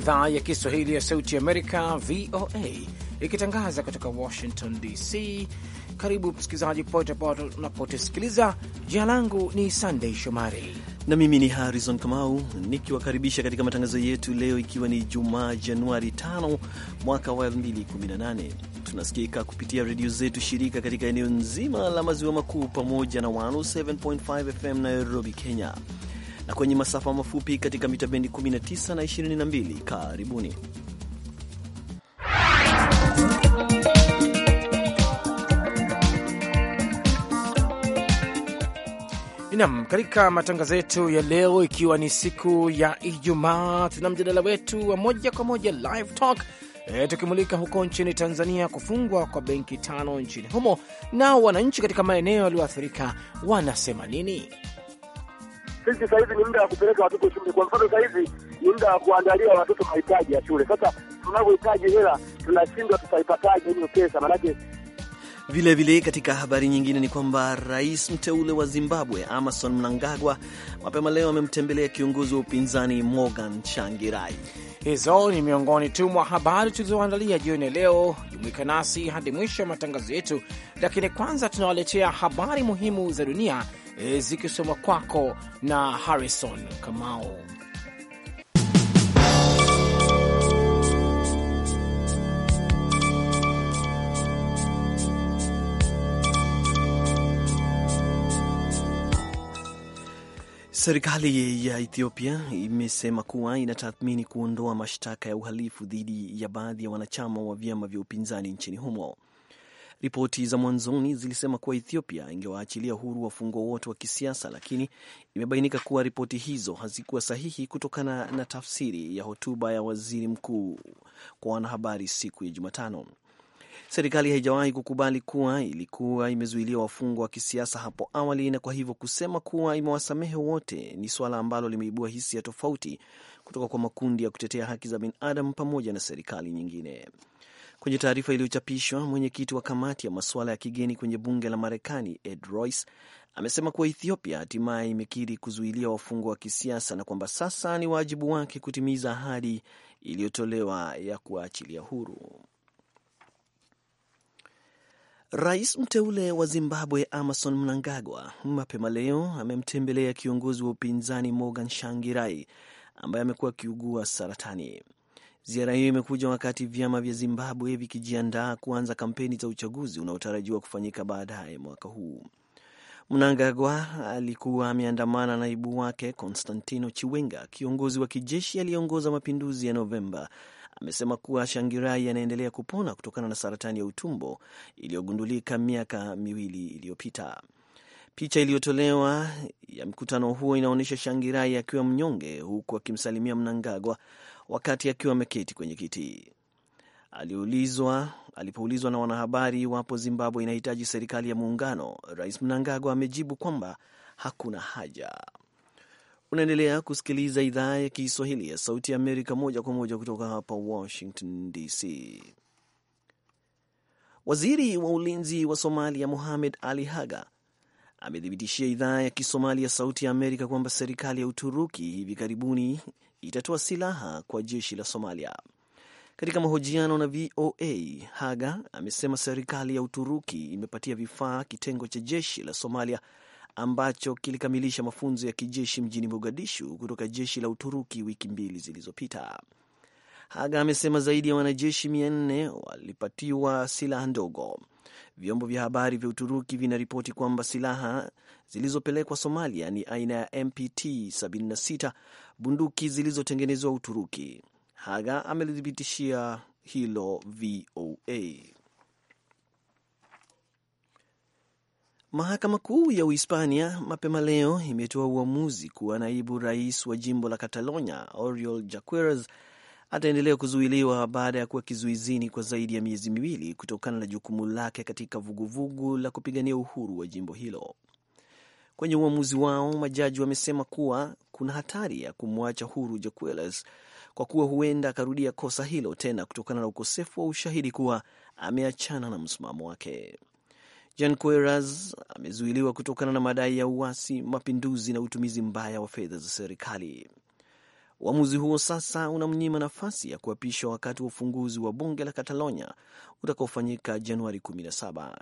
idhaa ya Kiswahili ya Sauti Amerika, VOA, ikitangaza kutoka Washington DC. Karibu msikilizaji popote pale unapotusikiliza. Jina langu ni Sandei Shomari na mimi ni Harrison Kamau nikiwakaribisha katika matangazo yetu leo, ikiwa ni Jumaa Januari 5 mwaka wa 2018. Tunasikika kupitia redio zetu shirika katika eneo nzima la maziwa makuu pamoja na 107.5 FM Nairobi, Kenya na kwenye masafa mafupi katika mita bendi 19 na 22. Karibuni. Nam, katika matangazo yetu ya leo, ikiwa ni siku ya Ijumaa, tuna mjadala wetu wa moja kwa moja live talk e, tukimulika huko nchini Tanzania kufungwa kwa benki tano nchini humo, nao wananchi katika maeneo yaliyoathirika wanasema nini? sisi sasa hivi ni muda wa kupeleka watoto shule. Kwa mfano, sasa hivi ni muda wa kuandalia watoto mahitaji ya shule. Sasa tunavyohitaji hela, tunashindwa tutaipataje hiyo pesa, maanake vile vile katika habari nyingine ni kwamba rais mteule wa Zimbabwe Emmerson Mnangagwa mapema leo amemtembelea kiongozi wa upinzani Morgan Changirai. Hizo ni miongoni tu mwa habari tulizoandalia jioni ya leo. Jumuika nasi hadi mwisho wa matangazo yetu, lakini kwanza tunawaletea habari muhimu za dunia E, zikisoma kwako na Harrison Kamau. Serikali ya Ethiopia imesema kuwa inatathmini kuondoa mashtaka ya uhalifu dhidi ya baadhi ya wanachama wa vyama vya upinzani nchini humo. Ripoti za mwanzoni zilisema kuwa Ethiopia ingewaachilia huru wafungwa wote wa kisiasa, lakini imebainika kuwa ripoti hizo hazikuwa sahihi kutokana na tafsiri ya hotuba ya waziri mkuu kwa wanahabari siku ya Jumatano. Serikali haijawahi kukubali kuwa ilikuwa imezuilia wafungwa wa kisiasa hapo awali, na kwa hivyo kusema kuwa imewasamehe wote ni suala ambalo limeibua hisia tofauti kutoka kwa makundi ya kutetea haki za binadamu pamoja na serikali nyingine. Kwenye taarifa iliyochapishwa, mwenyekiti wa kamati ya masuala ya kigeni kwenye bunge la Marekani Ed Royce amesema kuwa Ethiopia hatimaye imekiri kuzuilia wafungwa wa kisiasa na kwamba sasa ni wajibu wake kutimiza ahadi iliyotolewa ya kuwaachilia huru. Rais mteule wa Zimbabwe amason Mnangagwa mapema leo amemtembelea kiongozi wa upinzani Morgan Shangirai ambaye amekuwa akiugua saratani. Ziara hiyo imekuja wakati vyama vya Zimbabwe vikijiandaa kuanza kampeni za uchaguzi unaotarajiwa kufanyika baadaye mwaka huu. Mnangagwa alikuwa ameandamana naibu wake Constantino Chiwenga, kiongozi wa kijeshi aliyeongoza mapinduzi ya Novemba. Amesema kuwa Shangirai anaendelea kupona kutokana na saratani ya utumbo iliyogundulika miaka miwili iliyopita. Picha iliyotolewa ya mkutano huo inaonyesha Shangirai akiwa mnyonge, huku akimsalimia Mnangagwa wakati akiwa ameketi kwenye kiti. Aliulizwa alipoulizwa na wanahabari iwapo Zimbabwe inahitaji serikali ya muungano, Rais Mnangagwa amejibu kwamba hakuna haja. Unaendelea kusikiliza idhaa ya Kiswahili ya Sauti ya Amerika moja kwa moja kutoka hapa Washington DC. Waziri wa ulinzi wa Somalia Mohamed Ali Haga amethibitishia idhaa ya Kisomali ya Sauti ya Amerika kwamba serikali ya Uturuki hivi karibuni itatoa silaha kwa jeshi la Somalia. Katika mahojiano na VOA, Haga amesema serikali ya Uturuki imepatia vifaa kitengo cha jeshi la Somalia ambacho kilikamilisha mafunzo ya kijeshi mjini Mogadishu kutoka jeshi la Uturuki wiki mbili zilizopita. Haga amesema zaidi ya wanajeshi mia nne walipatiwa silaha ndogo. Vyombo vya habari vya Uturuki vinaripoti kwamba silaha zilizopelekwa Somalia ni aina ya MPT 76 bunduki zilizotengenezwa Uturuki. Haga amelithibitishia hilo VOA. Mahakama Kuu ya Uhispania mapema leo imetoa uamuzi kuwa naibu rais wa jimbo la Catalonia Oriol Junqueras ataendelea kuzuiliwa baada ya kuwa kizuizini kwa zaidi ya miezi miwili kutokana na jukumu lake katika vuguvugu vugu la kupigania uhuru wa jimbo hilo. Kwenye uamuzi wao, majaji wamesema kuwa kuna hatari ya kumwacha huru Jacqueline kwa kuwa huenda akarudia kosa hilo tena kutokana na ukosefu wa ushahidi kuwa ameachana na msimamo wake. Queras amezuiliwa kutokana na madai ya uasi, mapinduzi na utumizi mbaya wa fedha za serikali. Uamuzi huo sasa unamnyima nafasi ya kuapishwa wakati wa ufunguzi wa bunge la Catalonia utakaofanyika Januari 17.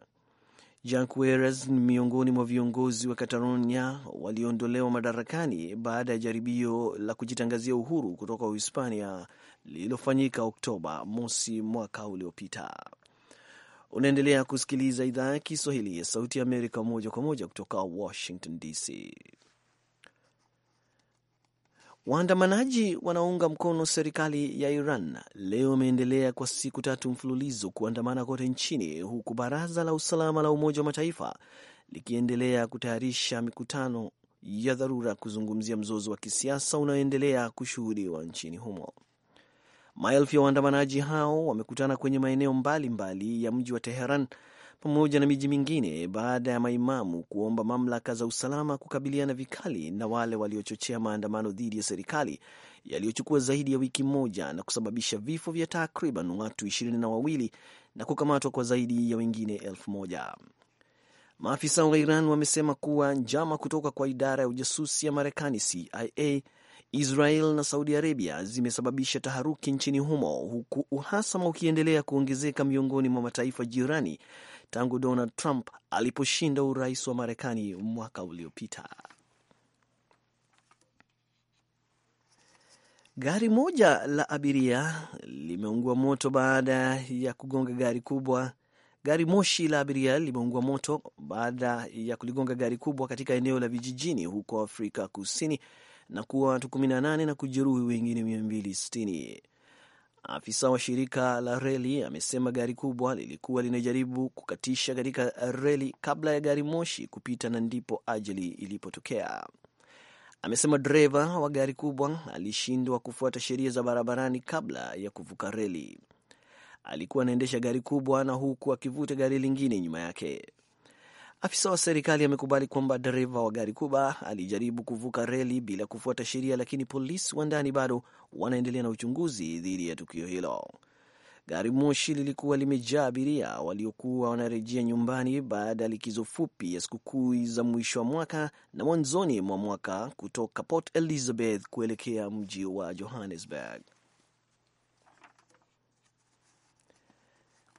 Junqueras ni miongoni mwa viongozi wa Catalonia walioondolewa madarakani baada ya jaribio la kujitangazia uhuru kutoka Uhispania lililofanyika Oktoba mosi mwaka uliopita. Unaendelea kusikiliza idhaa ya Kiswahili ya Sauti ya Amerika moja kwa moja kutoka Washington DC. Waandamanaji wanaounga mkono serikali ya Iran leo wameendelea kwa siku tatu mfululizo kuandamana kote nchini, huku baraza la usalama la Umoja wa Mataifa likiendelea kutayarisha mikutano ya dharura kuzungumzia mzozo wa kisiasa unaoendelea kushuhudiwa nchini humo. Maelfu ya waandamanaji hao wamekutana kwenye maeneo mbalimbali mbali ya mji wa Teheran pamoja na miji mingine baada ya maimamu kuomba mamlaka za usalama kukabiliana vikali na wale waliochochea maandamano dhidi ya serikali yaliyochukua zaidi ya wiki moja na kusababisha vifo vya takriban watu ishirini na wawili na kukamatwa kwa zaidi ya wengine elfu moja. Maafisa wa Iran wamesema kuwa njama kutoka kwa idara ya ujasusi ya Marekani CIA Israel na Saudi Arabia zimesababisha taharuki nchini humo huku uhasama ukiendelea kuongezeka miongoni mwa mataifa jirani tangu Donald Trump aliposhinda urais wa Marekani mwaka uliopita. Gari moja la abiria limeungua moto baada ya kugonga gari kubwa. Gari moshi la abiria limeungua moto baada ya kuligonga gari kubwa katika eneo la vijijini huko Afrika Kusini na kuwa watu 18 na kujeruhi wengine Afisa wa shirika la reli amesema gari kubwa lilikuwa linajaribu kukatisha katika reli kabla ya gari moshi kupita na ndipo ajali ilipotokea. Amesema dereva wa gari kubwa alishindwa kufuata sheria za barabarani kabla ya kuvuka reli. Alikuwa anaendesha gari kubwa na huku akivuta gari lingine nyuma yake. Afisa wa serikali amekubali kwamba dereva wa gari kubwa alijaribu kuvuka reli bila kufuata sheria, lakini polisi wa ndani bado wanaendelea na uchunguzi dhidi ya tukio hilo. Gari moshi lilikuwa limejaa abiria waliokuwa wanarejea nyumbani baada ya likizo fupi ya sikukuu za mwisho wa mwaka na mwanzoni mwa mwaka kutoka Port Elizabeth kuelekea mji wa Johannesburg.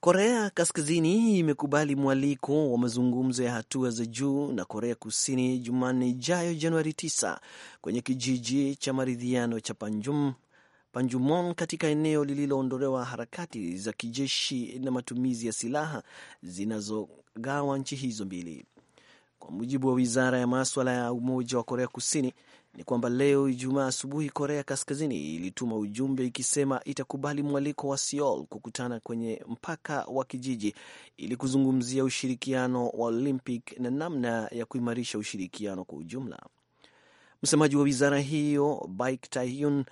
Korea Kaskazini imekubali mwaliko wa mazungumzo ya hatua za juu na Korea Kusini Jumanne ijayo Januari 9 kwenye kijiji cha maridhiano cha Panjum, Panjumon katika eneo lililoondolewa harakati za kijeshi na matumizi ya silaha zinazogawa nchi hizo mbili, kwa mujibu wa wizara ya maswala ya umoja wa Korea Kusini ni kwamba leo Ijumaa asubuhi Korea Kaskazini ilituma ujumbe ikisema itakubali mwaliko wa Seoul kukutana kwenye mpaka wa kijiji ili kuzungumzia ushirikiano wa Olympic na namna ya kuimarisha ushirikiano kwa ujumla. Msemaji wa wizara hiyo Baik Tahyun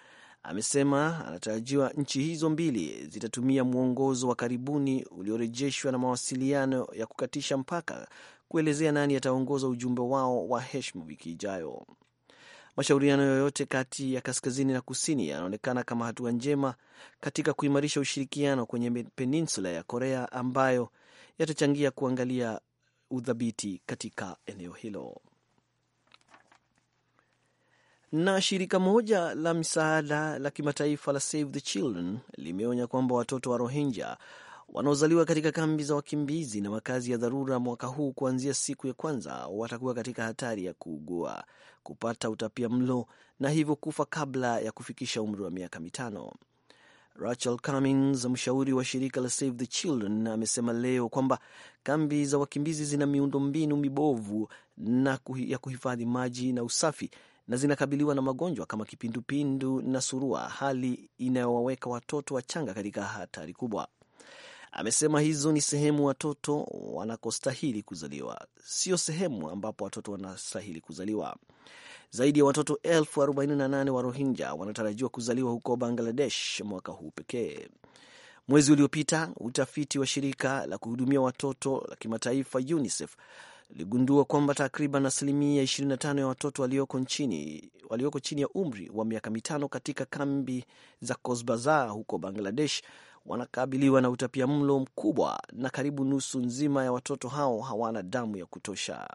amesema anatarajiwa nchi hizo mbili zitatumia mwongozo wa karibuni uliorejeshwa na mawasiliano ya kukatisha mpaka kuelezea nani ataongoza ujumbe wao wa heshima wiki ijayo. Mashauriano yoyote kati ya kaskazini na kusini yanaonekana kama hatua njema katika kuimarisha ushirikiano kwenye peninsula ya Korea ambayo yatachangia kuangalia udhabiti katika eneo hilo. Na shirika moja la misaada la kimataifa la Save the Children limeonya kwamba watoto wa Rohingya wanaozaliwa katika kambi za wakimbizi na makazi ya dharura mwaka huu kuanzia siku ya kwanza watakuwa katika hatari ya kuugua kupata utapia mlo na hivyo kufa kabla ya kufikisha umri wa miaka mitano. Rachel Cummings, mshauri wa shirika la Save the Children, amesema leo kwamba kambi za wakimbizi zina miundo mbinu mibovu na kuhi, ya kuhifadhi maji na usafi na zinakabiliwa na magonjwa kama kipindupindu na surua, hali inayowaweka watoto wachanga katika hatari kubwa. Amesema hizo ni sehemu watoto wanakostahili kuzaliwa, sio sehemu ambapo watoto wanastahili kuzaliwa. Zaidi ya watoto elfu 48 wa Rohingya wanatarajiwa kuzaliwa huko Bangladesh mwaka huu pekee. Mwezi uliopita utafiti wa shirika la kuhudumia watoto la kimataifa UNICEF ligundua kwamba takriban asilimia 25 ya watoto walioko nchini walioko chini ya umri wa miaka mitano katika kambi za Cox's Bazar huko Bangladesh wanakabiliwa na utapiamlo mkubwa na karibu nusu nzima ya watoto hao hawana damu ya kutosha.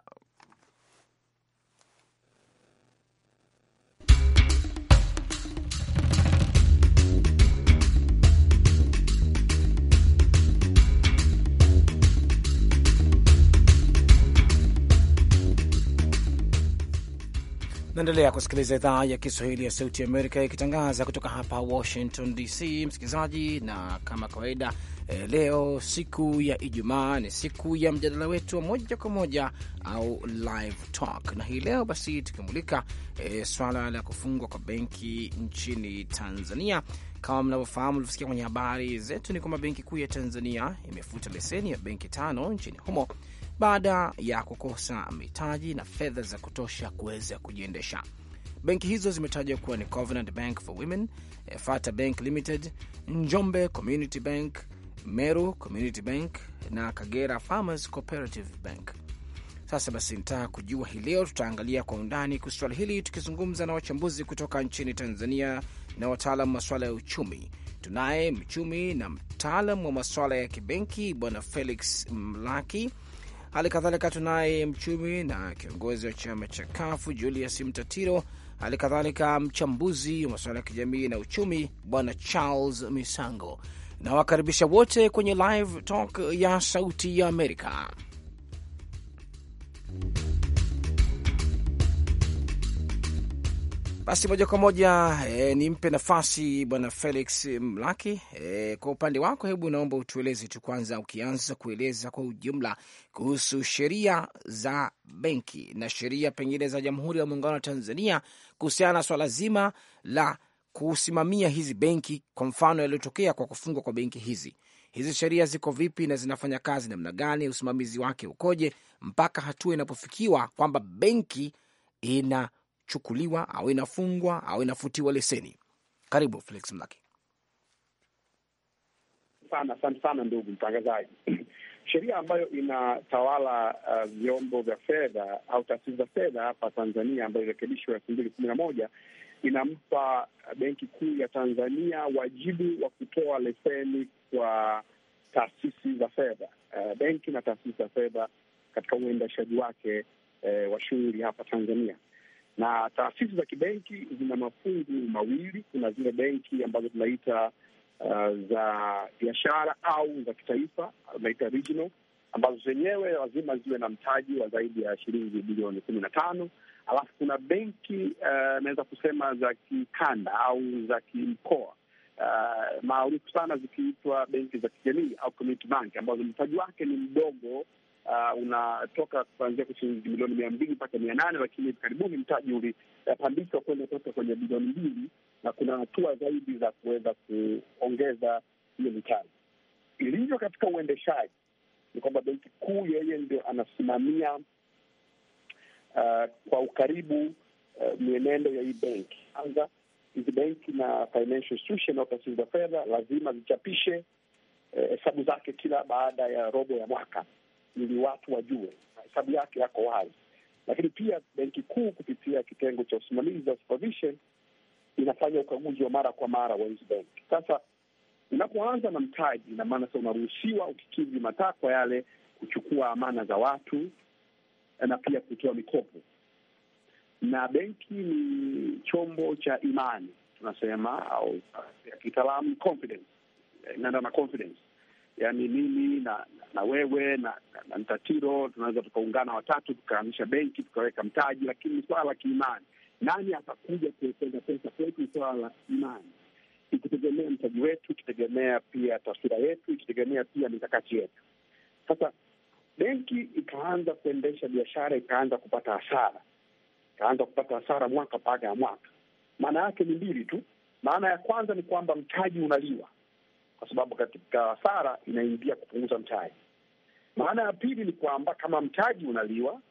Naendelea kusikiliza idhaa ya Kiswahili ya Sauti ya Amerika ikitangaza kutoka hapa Washington DC, msikilizaji. Na kama kawaida, eh, leo siku ya Ijumaa ni siku ya mjadala wetu wa moja kwa moja au live talk, na hii leo basi tukimulika e, swala la kufungwa kwa benki nchini Tanzania. Kama mnavyofahamu, ulivyosikia kwenye habari zetu, ni kwamba Benki Kuu ya Tanzania imefuta leseni ya benki tano nchini humo baada ya kukosa mitaji na fedha za kutosha kuweza kujiendesha. Benki hizo zimetajwa kuwa ni Covenant Bank for Women, Fata Bank Limited, Njombe Community Bank, Meru Community Bank na Kagera Farmers Cooperative Bank. Sasa basi, nitaka kujua hii leo, tutaangalia kwa undani kuhusu swala hili tukizungumza na wachambuzi kutoka nchini Tanzania na wataalam masuala ya uchumi. Tunaye mchumi na mtaalam wa masuala ya kibenki Bwana Felix Mlaki Hali kadhalika tunaye mchumi na kiongozi wa chama cha Kafu Julius Mtatiro, hali kadhalika mchambuzi wa masuala ya kijamii na uchumi Bwana Charles Misango. Nawakaribisha wote kwenye Live Talk ya Sauti ya Amerika. Basi moja kwa moja e, nimpe nafasi bwana Felix Mlaki. E, kwa upande wako, hebu naomba utueleze tu kwanza, ukianza kueleza kwa ujumla kuhusu sheria za benki na sheria pengine za Jamhuri ya Muungano wa Tanzania kuhusiana na swala zima la kusimamia hizi benki, kwa mfano yaliyotokea kwa kufungwa kwa benki hizi. Hizi sheria ziko vipi na zinafanya kazi namna gani? Usimamizi wake ukoje mpaka hatua inapofikiwa kwamba benki ina inachukuliwa au inafungwa au inafutiwa leseni? Karibu Felix Mlaki. Sana asante sana ndugu mtangazaji. Sheria ambayo inatawala uh, vyombo uh, vya fedha au taasisi za fedha hapa Tanzania ambayo ilirekebishwa elfu mbili kumi na moja inampa Benki Kuu ya Tanzania wajibu wa kutoa leseni kwa taasisi za fedha uh, benki na taasisi za fedha katika uendeshaji wake uh, wa shughuli hapa Tanzania na taasisi za kibenki zina mafungu mawili. Kuna zile benki ambazo tunaita uh, za biashara au za kitaifa, tunaita regional, ambazo zenyewe lazima ziwe na mtaji wa zaidi ya shilingi bilioni kumi na tano. Alafu kuna benki uh, kusema za kikanda au za kimkoa uh, maarufu sana zikiitwa benki za kijamii au community bank ambazo mtaji wake ni mdogo uh, unatoka kuanzia kwa shilingi milioni mia mbili mpaka mia nane lakini hivi karibuni mtaji ulipandishwa uh, kwenda sasa kwenye bilioni mbili na kuna hatua zaidi za kuweza kuongeza hiyo mitaji. Ilivyo katika uendeshaji ni kwamba benki kuu yeye ndio anasimamia uh, kwa ukaribu uh, mienendo ya hii benki. Kwanza hizi benki na financial institution au taasisi za fedha lazima zichapishe uh, hesabu eh, zake kila baada ya robo ya mwaka ili watu wajue hesabu yake yako wazi. Lakini pia benki kuu kupitia kitengo cha usimamizi wa supervision inafanya ukaguzi wa mara kwa mara wa hizi benki. Sasa unapoanza na mtaji, ina maana sasa unaruhusiwa ukikidhi matakwa yale, kuchukua amana za watu eh, na pia kutoa mikopo. Na benki ni chombo cha imani tunasema, au ya kitaalamu confidence, eh, inaenda na confidence yani mimi na na wewe na, na Mtatiro tunaweza tukaungana watatu tukaanisha benki tukaweka mtaji, lakini ni swala la kiimani. Nani atakuja kuwekeza pesa kwetu? Ni swala la imani, ikitegemea mtaji wetu, ikitegemea pia taswira yetu, ikitegemea pia mikakati yetu. Sasa benki ikaanza kuendesha biashara, ikaanza kupata hasara, ikaanza kupata hasara mwaka baada ya mwaka. Maana yake ni mbili tu. Maana ya kwanza ni kwamba mtaji unaliwa kwa sababu katika hasara inaingia kupunguza mtaji. Maana ya pili ni kwamba kama mtaji unaliwa,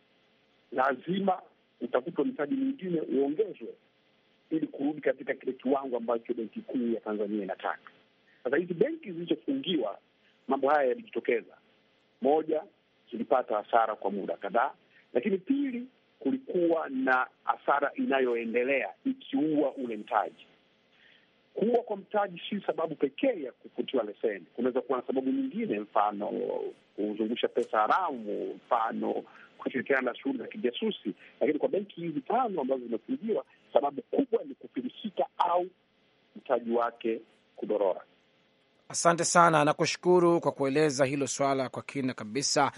lazima utafutwa mtaji mwingine uongezwe ili kurudi katika kile kiwango ambacho benki kuu ya Tanzania inataka. Sasa hizi benki zilizofungiwa, mambo haya yalijitokeza. Moja, zilipata hasara kwa muda kadhaa, lakini pili, kulikuwa na hasara inayoendelea ikiua ule mtaji kuwa kwa mtaji si sababu pekee ya kufutiwa leseni. Kunaweza kuwa na sababu nyingine, mfano kuzungusha pesa haramu, mfano kushirikiana na shughuli za kijasusi. Lakini kwa benki hizi tano ambazo zimefungiwa, sababu kubwa ni kufilisika au mtaji wake kudorora. Asante sana, nakushukuru kwa kueleza hilo swala kwa kina kabisa,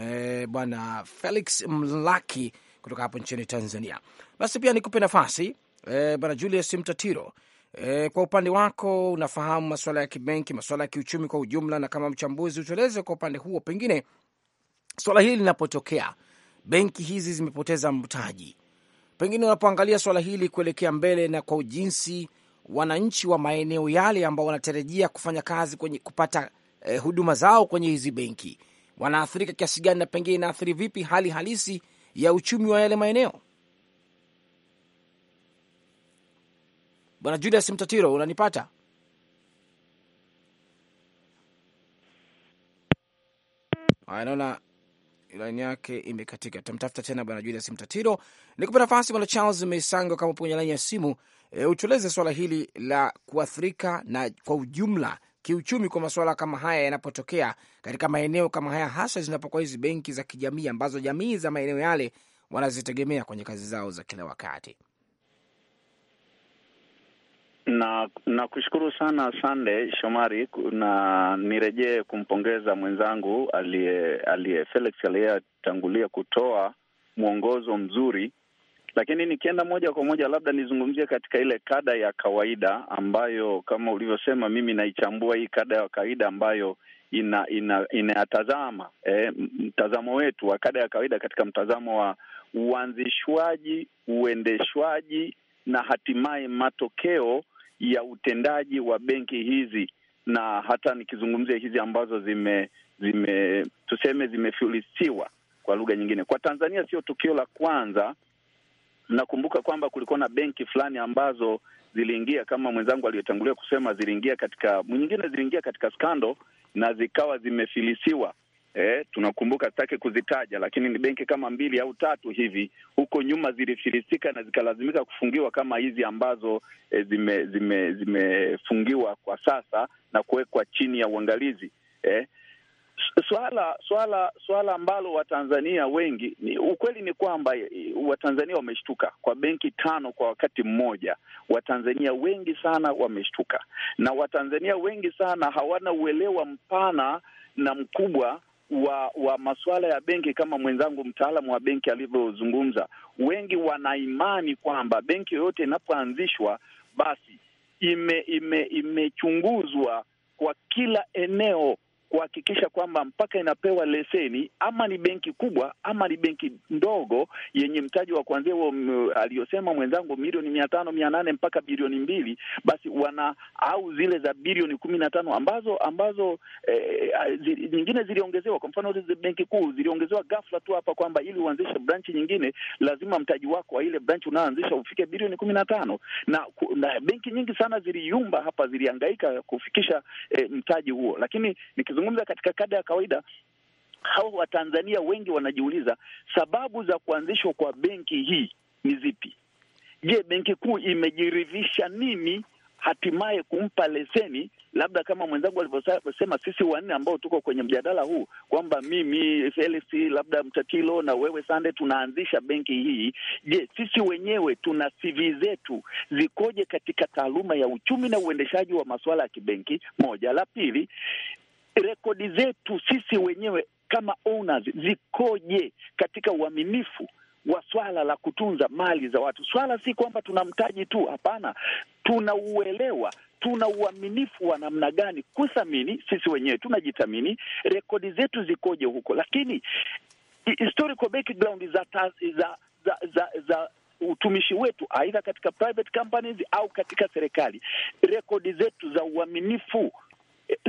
eh, Bwana Felix Mlaki kutoka hapo nchini Tanzania. Basi pia nikupe nafasi eh, Bwana Julius Mtatiro E, kwa upande wako unafahamu masuala ya kibenki, masuala ya kiuchumi kwa ujumla, na kama mchambuzi utueleze kwa upande huo, pengine swala hili linapotokea, benki hizi zimepoteza mtaji, pengine unapoangalia swala hili kuelekea mbele na kwa jinsi wananchi wa maeneo yale ambao wanatarajia kufanya kazi kwenye kupata eh, huduma zao kwenye hizi benki wanaathirika kiasi gani, na pengine inaathiri vipi hali halisi ya uchumi wa yale maeneo? Bwana Julius Mtatiro, unanipata? Anaona laini yake imekatika, tamtafuta tena bwana Julius Mtatiro. Nikupa nafasi bwana Charles Mesango, kama upo kwenye laini ya simu e, utueleze swala hili la kuathirika na kwa ujumla kiuchumi kwa masuala kama haya yanapotokea katika maeneo kama haya, hasa zinapokuwa hizi benki za kijamii ambazo jamii za maeneo yale wanazitegemea kwenye kazi zao za kila wakati na kushukuru sana Sande Shomari, na nirejee kumpongeza mwenzangu aliye aliye Felix aliyetangulia kutoa mwongozo mzuri, lakini nikienda moja kwa moja, labda nizungumzie katika ile kada ya kawaida ambayo kama ulivyosema, mimi naichambua hii kada ya kawaida ambayo ina inayatazama eh, mtazamo wetu wa kada ya kawaida katika mtazamo wa uanzishwaji, uendeshwaji na hatimaye matokeo ya utendaji wa benki hizi, na hata nikizungumzia hizi ambazo zime, zime tuseme zimefilisiwa kwa lugha nyingine. Kwa Tanzania sio tukio la kwanza. Nakumbuka kwamba kulikuwa na benki fulani ambazo ziliingia kama mwenzangu aliyetangulia kusema, ziliingia katika nyingine, ziliingia katika skando na zikawa zimefilisiwa eh, tunakumbuka, sitaki kuzitaja, lakini ni benki kama mbili au tatu hivi huko nyuma zilifilisika na zikalazimika kufungiwa kama hizi ambazo eh, zime, zime, zimefungiwa kwa sasa na kuwekwa chini ya uangalizi eh. Swala swala swala ambalo Watanzania wengi ni, ukweli ni kwamba eh, Watanzania wameshtuka kwa benki tano kwa wakati mmoja. Watanzania wengi sana wameshtuka, na Watanzania wengi sana hawana uelewa mpana na mkubwa wa wa masuala ya benki kama mwenzangu mtaalamu wa benki alivyozungumza, wengi wanaimani kwamba benki yoyote inapoanzishwa basi ime- imechunguzwa ime kwa kila eneo kuhakikisha kwamba mpaka inapewa leseni, ama ni benki kubwa ama ni benki ndogo yenye mtaji wa kuanzia huo mm, aliyosema mwenzangu milioni mia tano mia nane mpaka bilioni mbili, basi wana au zile za bilioni kumi na tano ambazo ambazo eh, zi, nyingine ziliongezewa. Kwa mfano zi benki kuu ziliongezewa ghafla tu hapa kwamba ili uanzishe branchi nyingine lazima mtaji wako wa ile branchi unaoanzisha ufike bilioni kumi na tano na, na benki nyingi sana ziliyumba hapa, zilihangaika kufikisha eh, mtaji huo, lakini nikizu Ninapozungumza katika kada ya kawaida hawa Watanzania wengi wanajiuliza sababu za kuanzishwa kwa benki hii ni zipi? Je, benki kuu imejiridhisha nini hatimaye kumpa leseni? Labda kama mwenzangu alivyosema, sisi wanne ambao tuko kwenye mjadala huu kwamba mimi Felix, labda Mtatilo na wewe Sande tunaanzisha benki hii. Je, sisi wenyewe tuna CV zetu zikoje katika taaluma ya uchumi na uendeshaji wa masuala ya kibenki? Moja. La pili, rekodi zetu sisi wenyewe kama owners zikoje katika uaminifu wa swala la kutunza mali za watu. Swala si kwamba tuna mtaji tu, hapana, tuna uelewa, tuna uaminifu wa namna gani kuthamini. Sisi wenyewe tunajithamini, rekodi zetu zikoje huko, lakini historical background za, za, za, za, za, za utumishi wetu aidha katika private companies au katika serikali, rekodi zetu za uaminifu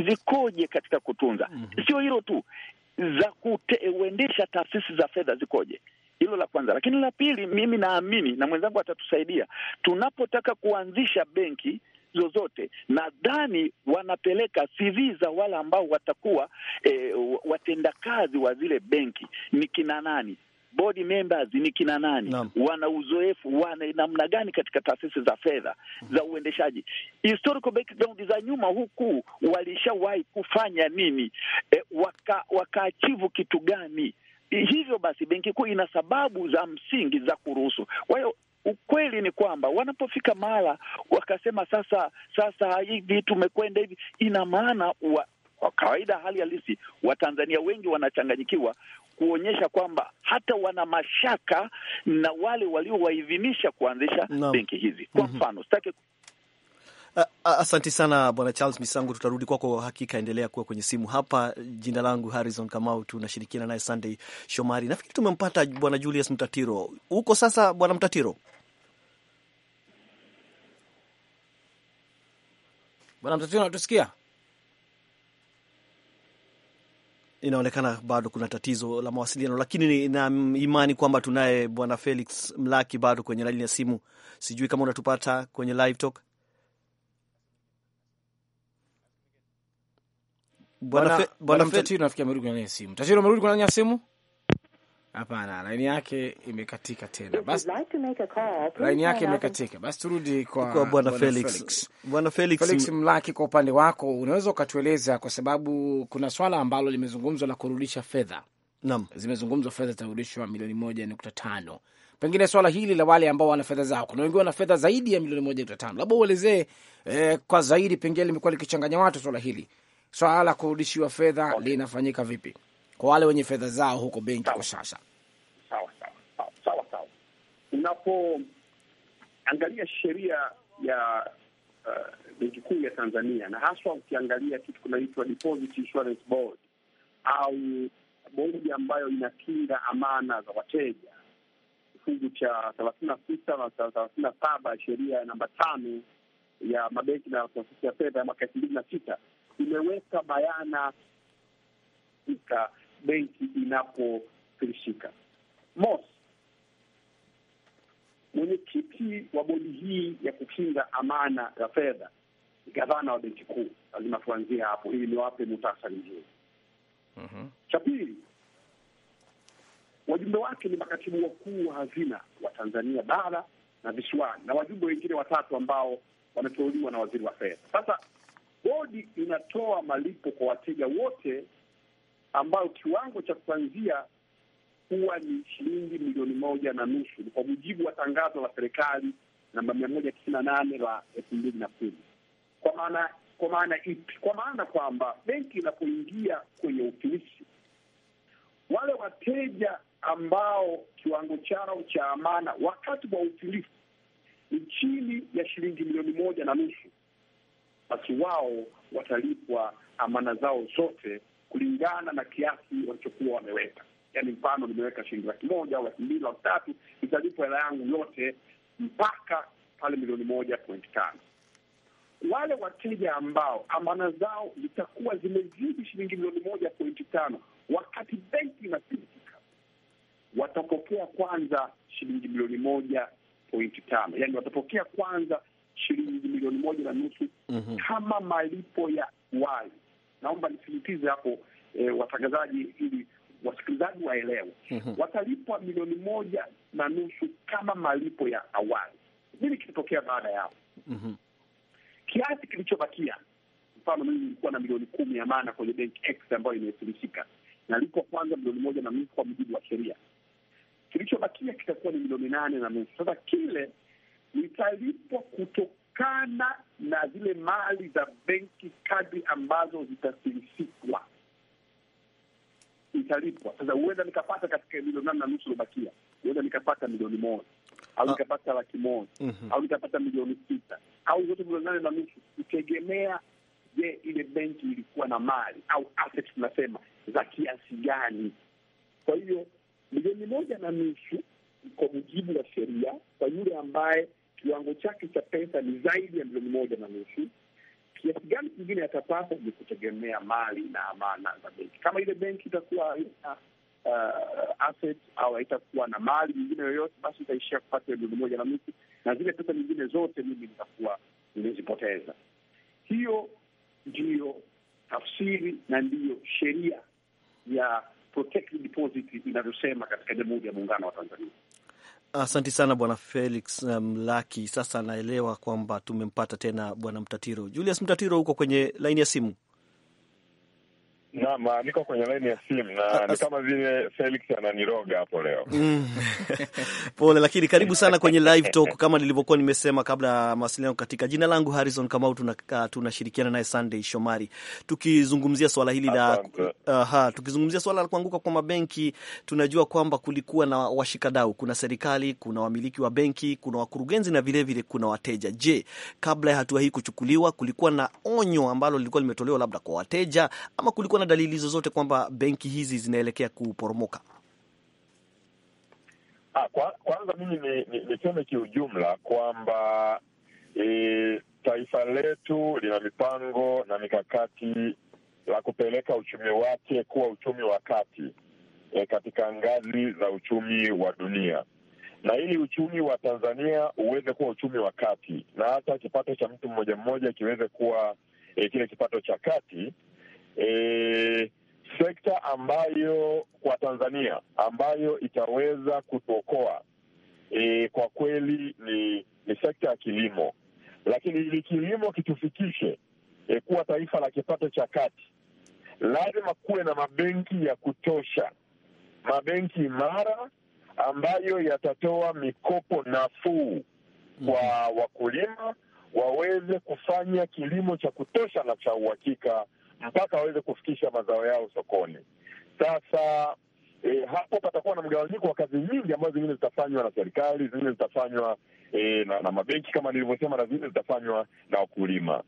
zikoje katika kutunza mm -hmm. Sio hilo tu, za kuendesha taasisi za fedha zikoje. Hilo la kwanza, lakini la pili, mimi naamini na mwenzangu atatusaidia, tunapotaka kuanzisha benki zozote nadhani wanapeleka CV za wale ambao watakuwa e, watendakazi wa zile benki ni kina nani, board members ni kina nani Naam. wana uzoefu wana namna gani katika taasisi za fedha za uendeshaji, historical background za nyuma huku walishawahi kufanya nini, e, wakaachivu kitu gani. Hivyo basi benki kuu ina sababu za msingi za kuruhusu. Kwa hiyo ukweli ni kwamba wanapofika mahala wakasema sasa, sasa hivi tumekwenda hivi, ina maana kwa kawaida, hali halisi, Watanzania wengi wanachanganyikiwa kuonyesha kwamba hata wana mashaka na wale waliowaidhinisha kuanzisha benki hizi. Kwa mhm. mfano, mm -hmm. Asante sana Bwana Charles Misangu, tutarudi kwako kwa hakika. Endelea kuwa kwenye simu hapa. Jina langu Harrison Kamau, tunashirikiana naye Sunday Shomari. Nafikiri tumempata Bwana Julius Mtatiro huko sasa. Bwana Mtatiro, Bwana Mtatiro, natusikia? inaonekana bado kuna tatizo la mawasiliano, lakini na imani kwamba tunaye bwana Felix Mlaki bado kwenye laini ya simu. Sijui kama unatupata kwenye live talk bwana Fe, bwana Fe... Mtatiro, nafikiri amerudi kwenye simu. Tatiro, umerudi kwenye simu? Hapana, laini yake imekatika tena. Bas, laini yake imekatika, basi turudi kwa kwa bwana Felix. Bwana Felix, Felix Mlaki, kwa upande wako unaweza ukatueleza, kwa sababu kuna swala ambalo limezungumzwa la kurudisha fedha. Naam, zimezungumzwa fedha zitarudishwa milioni moja nukta tano pengine swala hili la wale ambao wana fedha zao, kuna wengine wana fedha zaidi ya milioni moja nukta tano labda uelezee eh, kwa zaidi, pengine limekuwa likichanganya watu swala hili. Swala la kurudishiwa fedha linafanyika vipi? kwa wale wenye fedha zao huko benki kwa sasa. Sawa sawa sawa sawa Unapoangalia sheria ya uh, benki kuu ya Tanzania na haswa ukiangalia kitu kinaitwa Deposit Insurance Board au bodi ambayo inakinga amana za wateja, kifungu cha thelathini na sita na thelathini na saba sheria ya namba tano ya mabenki na taasisi ya fedha ya mwaka elfu mbili na sita imeweka bayana benki inapofirishika mos mwenyekiti wa bodi hii ya kukinga amana ya fedha ni gavana wa benki kuu. Lazima tuanzie hapo ili niwape muhtasari mzuri. mm -hmm. Cha pili, wajumbe wake ni makatibu wakuu wa hazina wa Tanzania bara na visiwani na wajumbe wengine watatu ambao wameteuliwa na waziri wa fedha. Sasa bodi inatoa malipo kwa wateja wote ambayo kiwango cha kuanzia huwa ni shilingi milioni moja na nusu kwa mujibu wa tangazo la serikali namba mia moja tisini na nane la elfu mbili na kumi. Kwa maana kwa maana ipi? Kwa maana kwamba benki inapoingia kwenye utumishi, wale wateja ambao kiwango chao cha amana wakati wa utilifu ni chini ya shilingi milioni moja na nusu, basi wao watalipwa amana zao zote kulingana na kiasi walichokuwa wameweka. yani mfano nimeweka shilingi laki moja au laki mbili laki tatu, nitalipwa hela yangu yote mpaka pale milioni moja pointi tano. Wale wateja ambao amana zao zitakuwa zimezidi shilingi milioni moja pointi tano wakati benki inafilisika, watapokea kwanza shilingi milioni moja pointi tano, yani watapokea kwanza shilingi milioni moja na nusu mm -hmm. kama malipo ya awali naomba nisisitize hapo e, watangazaji, ili wasikilizaji waelewe. mm -hmm. Watalipwa milioni moja na nusu kama malipo ya awali. Nini kilitokea baada ya hapo? mm -hmm. Kiasi kilichobakia, mfano mimi nilikuwa na milioni kumi ya mana kwenye benki X ambayo imethibitishika, nalipwa kwanza milioni moja na nusu kwa mujibu wa sheria. Kilichobakia kitakuwa ni milioni nane na nusu. Sasa kile nitalipwa kutoka kutokana na zile mali za benki kadi ambazo zitasirisikwa italipwa. Sasa huenda nikapata katika milioni nane na nusu lobakia huenda nikapata milioni moja au ah, nikapata laki moja mm -hmm, au nikapata milioni sita au zote milioni nane na nusu, kutegemea je, ile benki ilikuwa na mali au asset tunasema za kiasi gani? Kwa hiyo milioni moja na nusu kwa mujibu wa sheria kwa yule ambaye kiwango chake cha pesa ni zaidi ya milioni moja na nusu. Kiasi gani kingine atapata ni kutegemea mali na amana za benki. Kama ile benki itakuwa ina uh, asset au haitakuwa na mali nyingine yoyote, basi itaishia kupata milioni moja na nusu, na zile pesa nyingine zote mimi nitakuwa nimezipoteza. Hiyo ndiyo tafsiri na ndiyo sheria ya protected deposit inavyosema katika Jamhuri ya Muungano wa Tanzania asanti sana bwana Felix Mlaki. Um, sasa anaelewa kwamba tumempata tena bwana Mtatiro, Julius Mtatiro, huko kwenye laini ya simu. Naam, ah, niko kwenye laini ya simu na ah, ni kama vile Felix ananiroga hapo leo. Mm. Pole, lakini karibu sana kwenye live talk kama nilivyokuwa nimesema kabla ya mawasiliano katika. Jina langu Harrison Kamau, ah, tunashirikiana tuna naye Sunday Shomari tukizungumzia swala hili la aha, tukizungumzia swala la kuanguka kwa mabenki. Tunajua kwamba kulikuwa na washikadau, kuna serikali, kuna wamiliki wa benki, kuna wakurugenzi na vilevile vile kuna wateja. Je, kabla ya hatua hii kuchukuliwa, kulikuwa na onyo ambalo lilikuwa limetolewa labda kwa wateja ama kulikuwa na dalili zozote kwamba benki hizi zinaelekea kuporomoka? Ah, kwa, kwanza mimi niseme kiujumla kwamba e, taifa letu lina mipango na mikakati la kupeleka uchumi wake kuwa uchumi wa kati e, katika ngazi za uchumi wa dunia na ili uchumi wa Tanzania uweze kuwa uchumi wa kati na hata kipato cha mtu mmoja mmoja kiweze kuwa e, kile kipato cha kati e, sekta ambayo kwa Tanzania ambayo itaweza kutuokoa e, kwa kweli ni, ni sekta ya kilimo, lakini ili kilimo kitufikishe e, kuwa taifa la kipato cha kati, lazima kuwe na mabenki ya kutosha, mabenki imara ambayo yatatoa mikopo nafuu kwa mhm. wakulima waweze kufanya kilimo cha kutosha na cha uhakika mpaka waweze kufikisha mazao yao sokoni. Sasa e, hapo patakuwa na mgawanyiko wa kazi nyingi ambazo zingine zitafanywa na serikali, zingine zitafanywa e, na, na mabenki kama nilivyosema, na zingine zitafanywa na wakulima.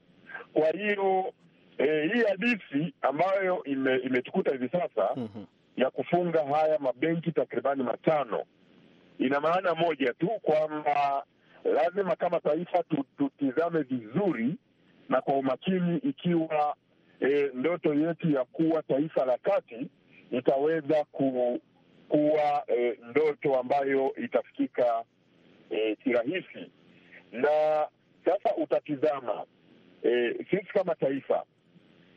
Kwa hiyo e, hii hadithi ambayo ime, hivi sasa mm -hmm ya kufunga haya mabenki takribani matano ina maana moja tu kwamba lazima kama taifa tutizame vizuri na kwa umakini, ikiwa e, ndoto yetu ya kuwa taifa la kati itaweza ku, kuwa e, ndoto ambayo itafikika e, kirahisi. Na sasa utatizama e, sisi kama taifa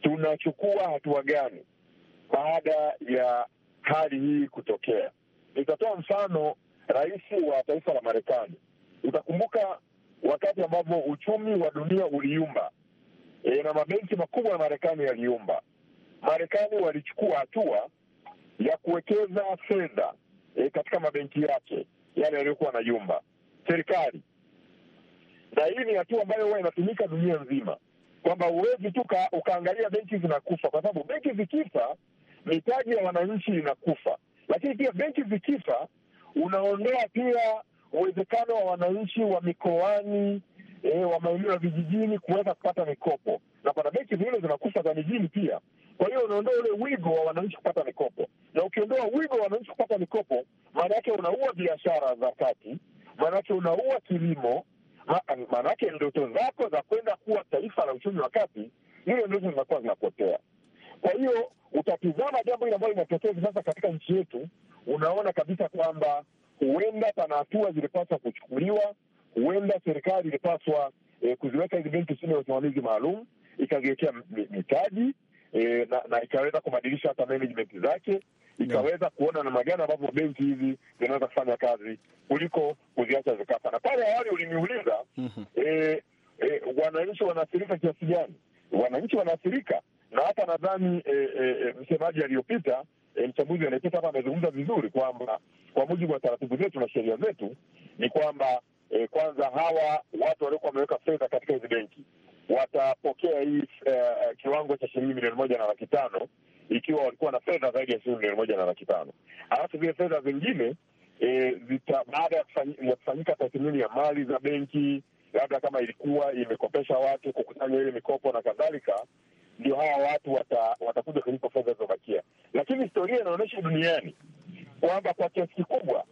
tunachukua hatua gani baada ya hali hii kutokea. Nitatoa mfano, rais wa taifa la Marekani, utakumbuka wakati ambapo uchumi wa dunia uliumba e, na mabenki makubwa ya Marekani yaliumba. Marekani walichukua hatua ya kuwekeza fedha e, katika mabenki yake yale yaliyokuwa na yumba serikali, na hii ni hatua ambayo huwa inatumika dunia nzima, kwamba huwezi tu ukaangalia benki zinakufa, kwa sababu benki zikifa mitaji ya wananchi inakufa, lakini pia benki zikifa unaondoa pia uwezekano wa wananchi wa mikoani e, wa maeneo ya vijijini kuweza kupata mikopo, na kuna benki zingine zinakufa za mijini pia. Kwa hiyo unaondoa ule wigo wa wananchi kupata mikopo, na ukiondoa wigo wa wananchi kupata mikopo, maana yake unaua biashara za kati, maana yake unaua kilimo, maana yake ndoto zako za kwenda kuwa taifa la uchumi wa kati, ile ndoto zinakuwa zinapotea. Kwa hiyo utatizama jambo hili ambalo linatokea hivi sasa katika nchi yetu, unaona kabisa kwamba huenda pana hatua zilipaswa kuchukuliwa huenda serikali ilipaswa eh, kuziweka hizi benki chini ya usimamizi maalum, ikaziwekea mitaji eh, na, na ikaweza kubadilisha hata management zake ikaweza kuona namna gani ambavyo benki hizi zinaweza kufanya kazi kuliko kuziacha zikafa. Na pale awali uliniuliza mm-hmm. eh, eh, wananchi wanaathirika kiasi gani? Wananchi wanaathirika na hapa nadhani e, e, msemaji aliyopita e, mchambuzi anayepita hapa amezungumza vizuri kwamba kwa mujibu wa taratibu zetu na sheria zetu ni kwamba e, kwanza hawa watu waliokuwa wameweka fedha katika hizi benki watapokea hii uh, kiwango cha shilingi milioni moja na laki tano ikiwa walikuwa na fedha zaidi ya shilingi milioni moja na laki tano alafu zile fedha zingine e, zita baada ya kufanyika tathmini ya mali za benki, labda kama ilikuwa imekopesha watu kukusanya ile mikopo na kadhalika, ndio hawa watu wata, watakuja kulipa fedha zilizobakia. Lakini historia inaonyesha duniani kwamba kwa kiasi kikubwa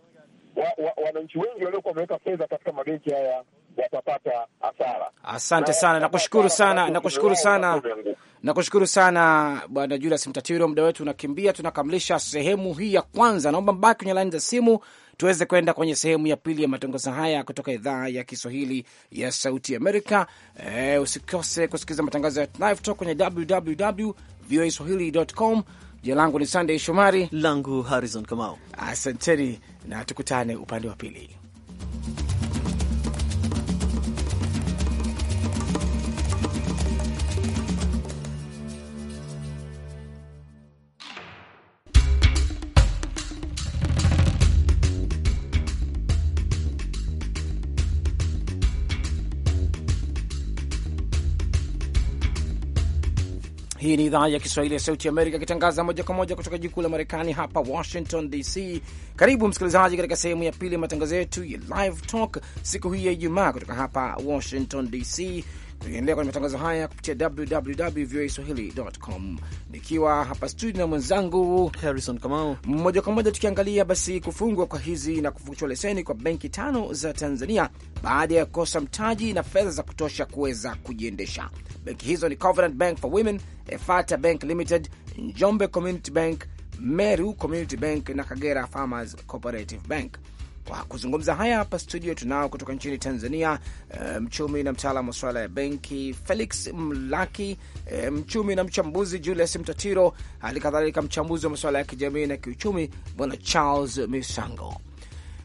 wananchi wa, wa, wengi waliokuwa wameweka fedha katika mabenki haya watapata hasara. Asante na, sana, nakushukuru sana, nakushukuru sana, nakushukuru sana Bwana Julius Mtatiro. Muda wetu unakimbia, tunakamilisha sehemu hii ya kwanza. Naomba mbaki kwenye laini za simu tuweze kwenda kwenye sehemu ya pili ya matangazo haya kutoka idhaa ya Kiswahili ya Sauti Amerika. E, usikose kusikiliza matangazo ya Live Talk kwenye www voa swahili Jina langu ni Sandey Shomari, langu Harrison Kamau. Asanteni na tukutane upande wa pili. Hii ni idhaa ya Kiswahili ya Sauti Amerika ikitangaza moja kwa moja kutoka jikuu la Marekani hapa Washington DC. Karibu msikilizaji, katika sehemu ya pili ya matangazo yetu ya Live Talk siku hii ya Ijumaa kutoka hapa Washington DC. Tukiendelea kwenye matangazo haya kupitia www voa swahili.com, nikiwa hapa studio na mwenzangu Harrison Kamau, moja kwa moja tukiangalia basi kufungwa kwa hizi na kufuchwa leseni kwa benki tano za Tanzania baada ya kukosa mtaji na fedha za kutosha kuweza kujiendesha. Benki hizo ni Covenant Bank for Women, Efata Bank Limited, Njombe Community Bank, Meru Community Bank na Kagera Farmers Cooperative Bank. Kwa kuzungumza haya hapa studio tunao kutoka nchini Tanzania eh, mchumi na mtaalamu wa swala ya benki Felix Mlaki, eh, mchumi na mchambuzi Julius Mtatiro, hali kadhalika mchambuzi wa masuala ya kijamii na kiuchumi bwana Charles Misango.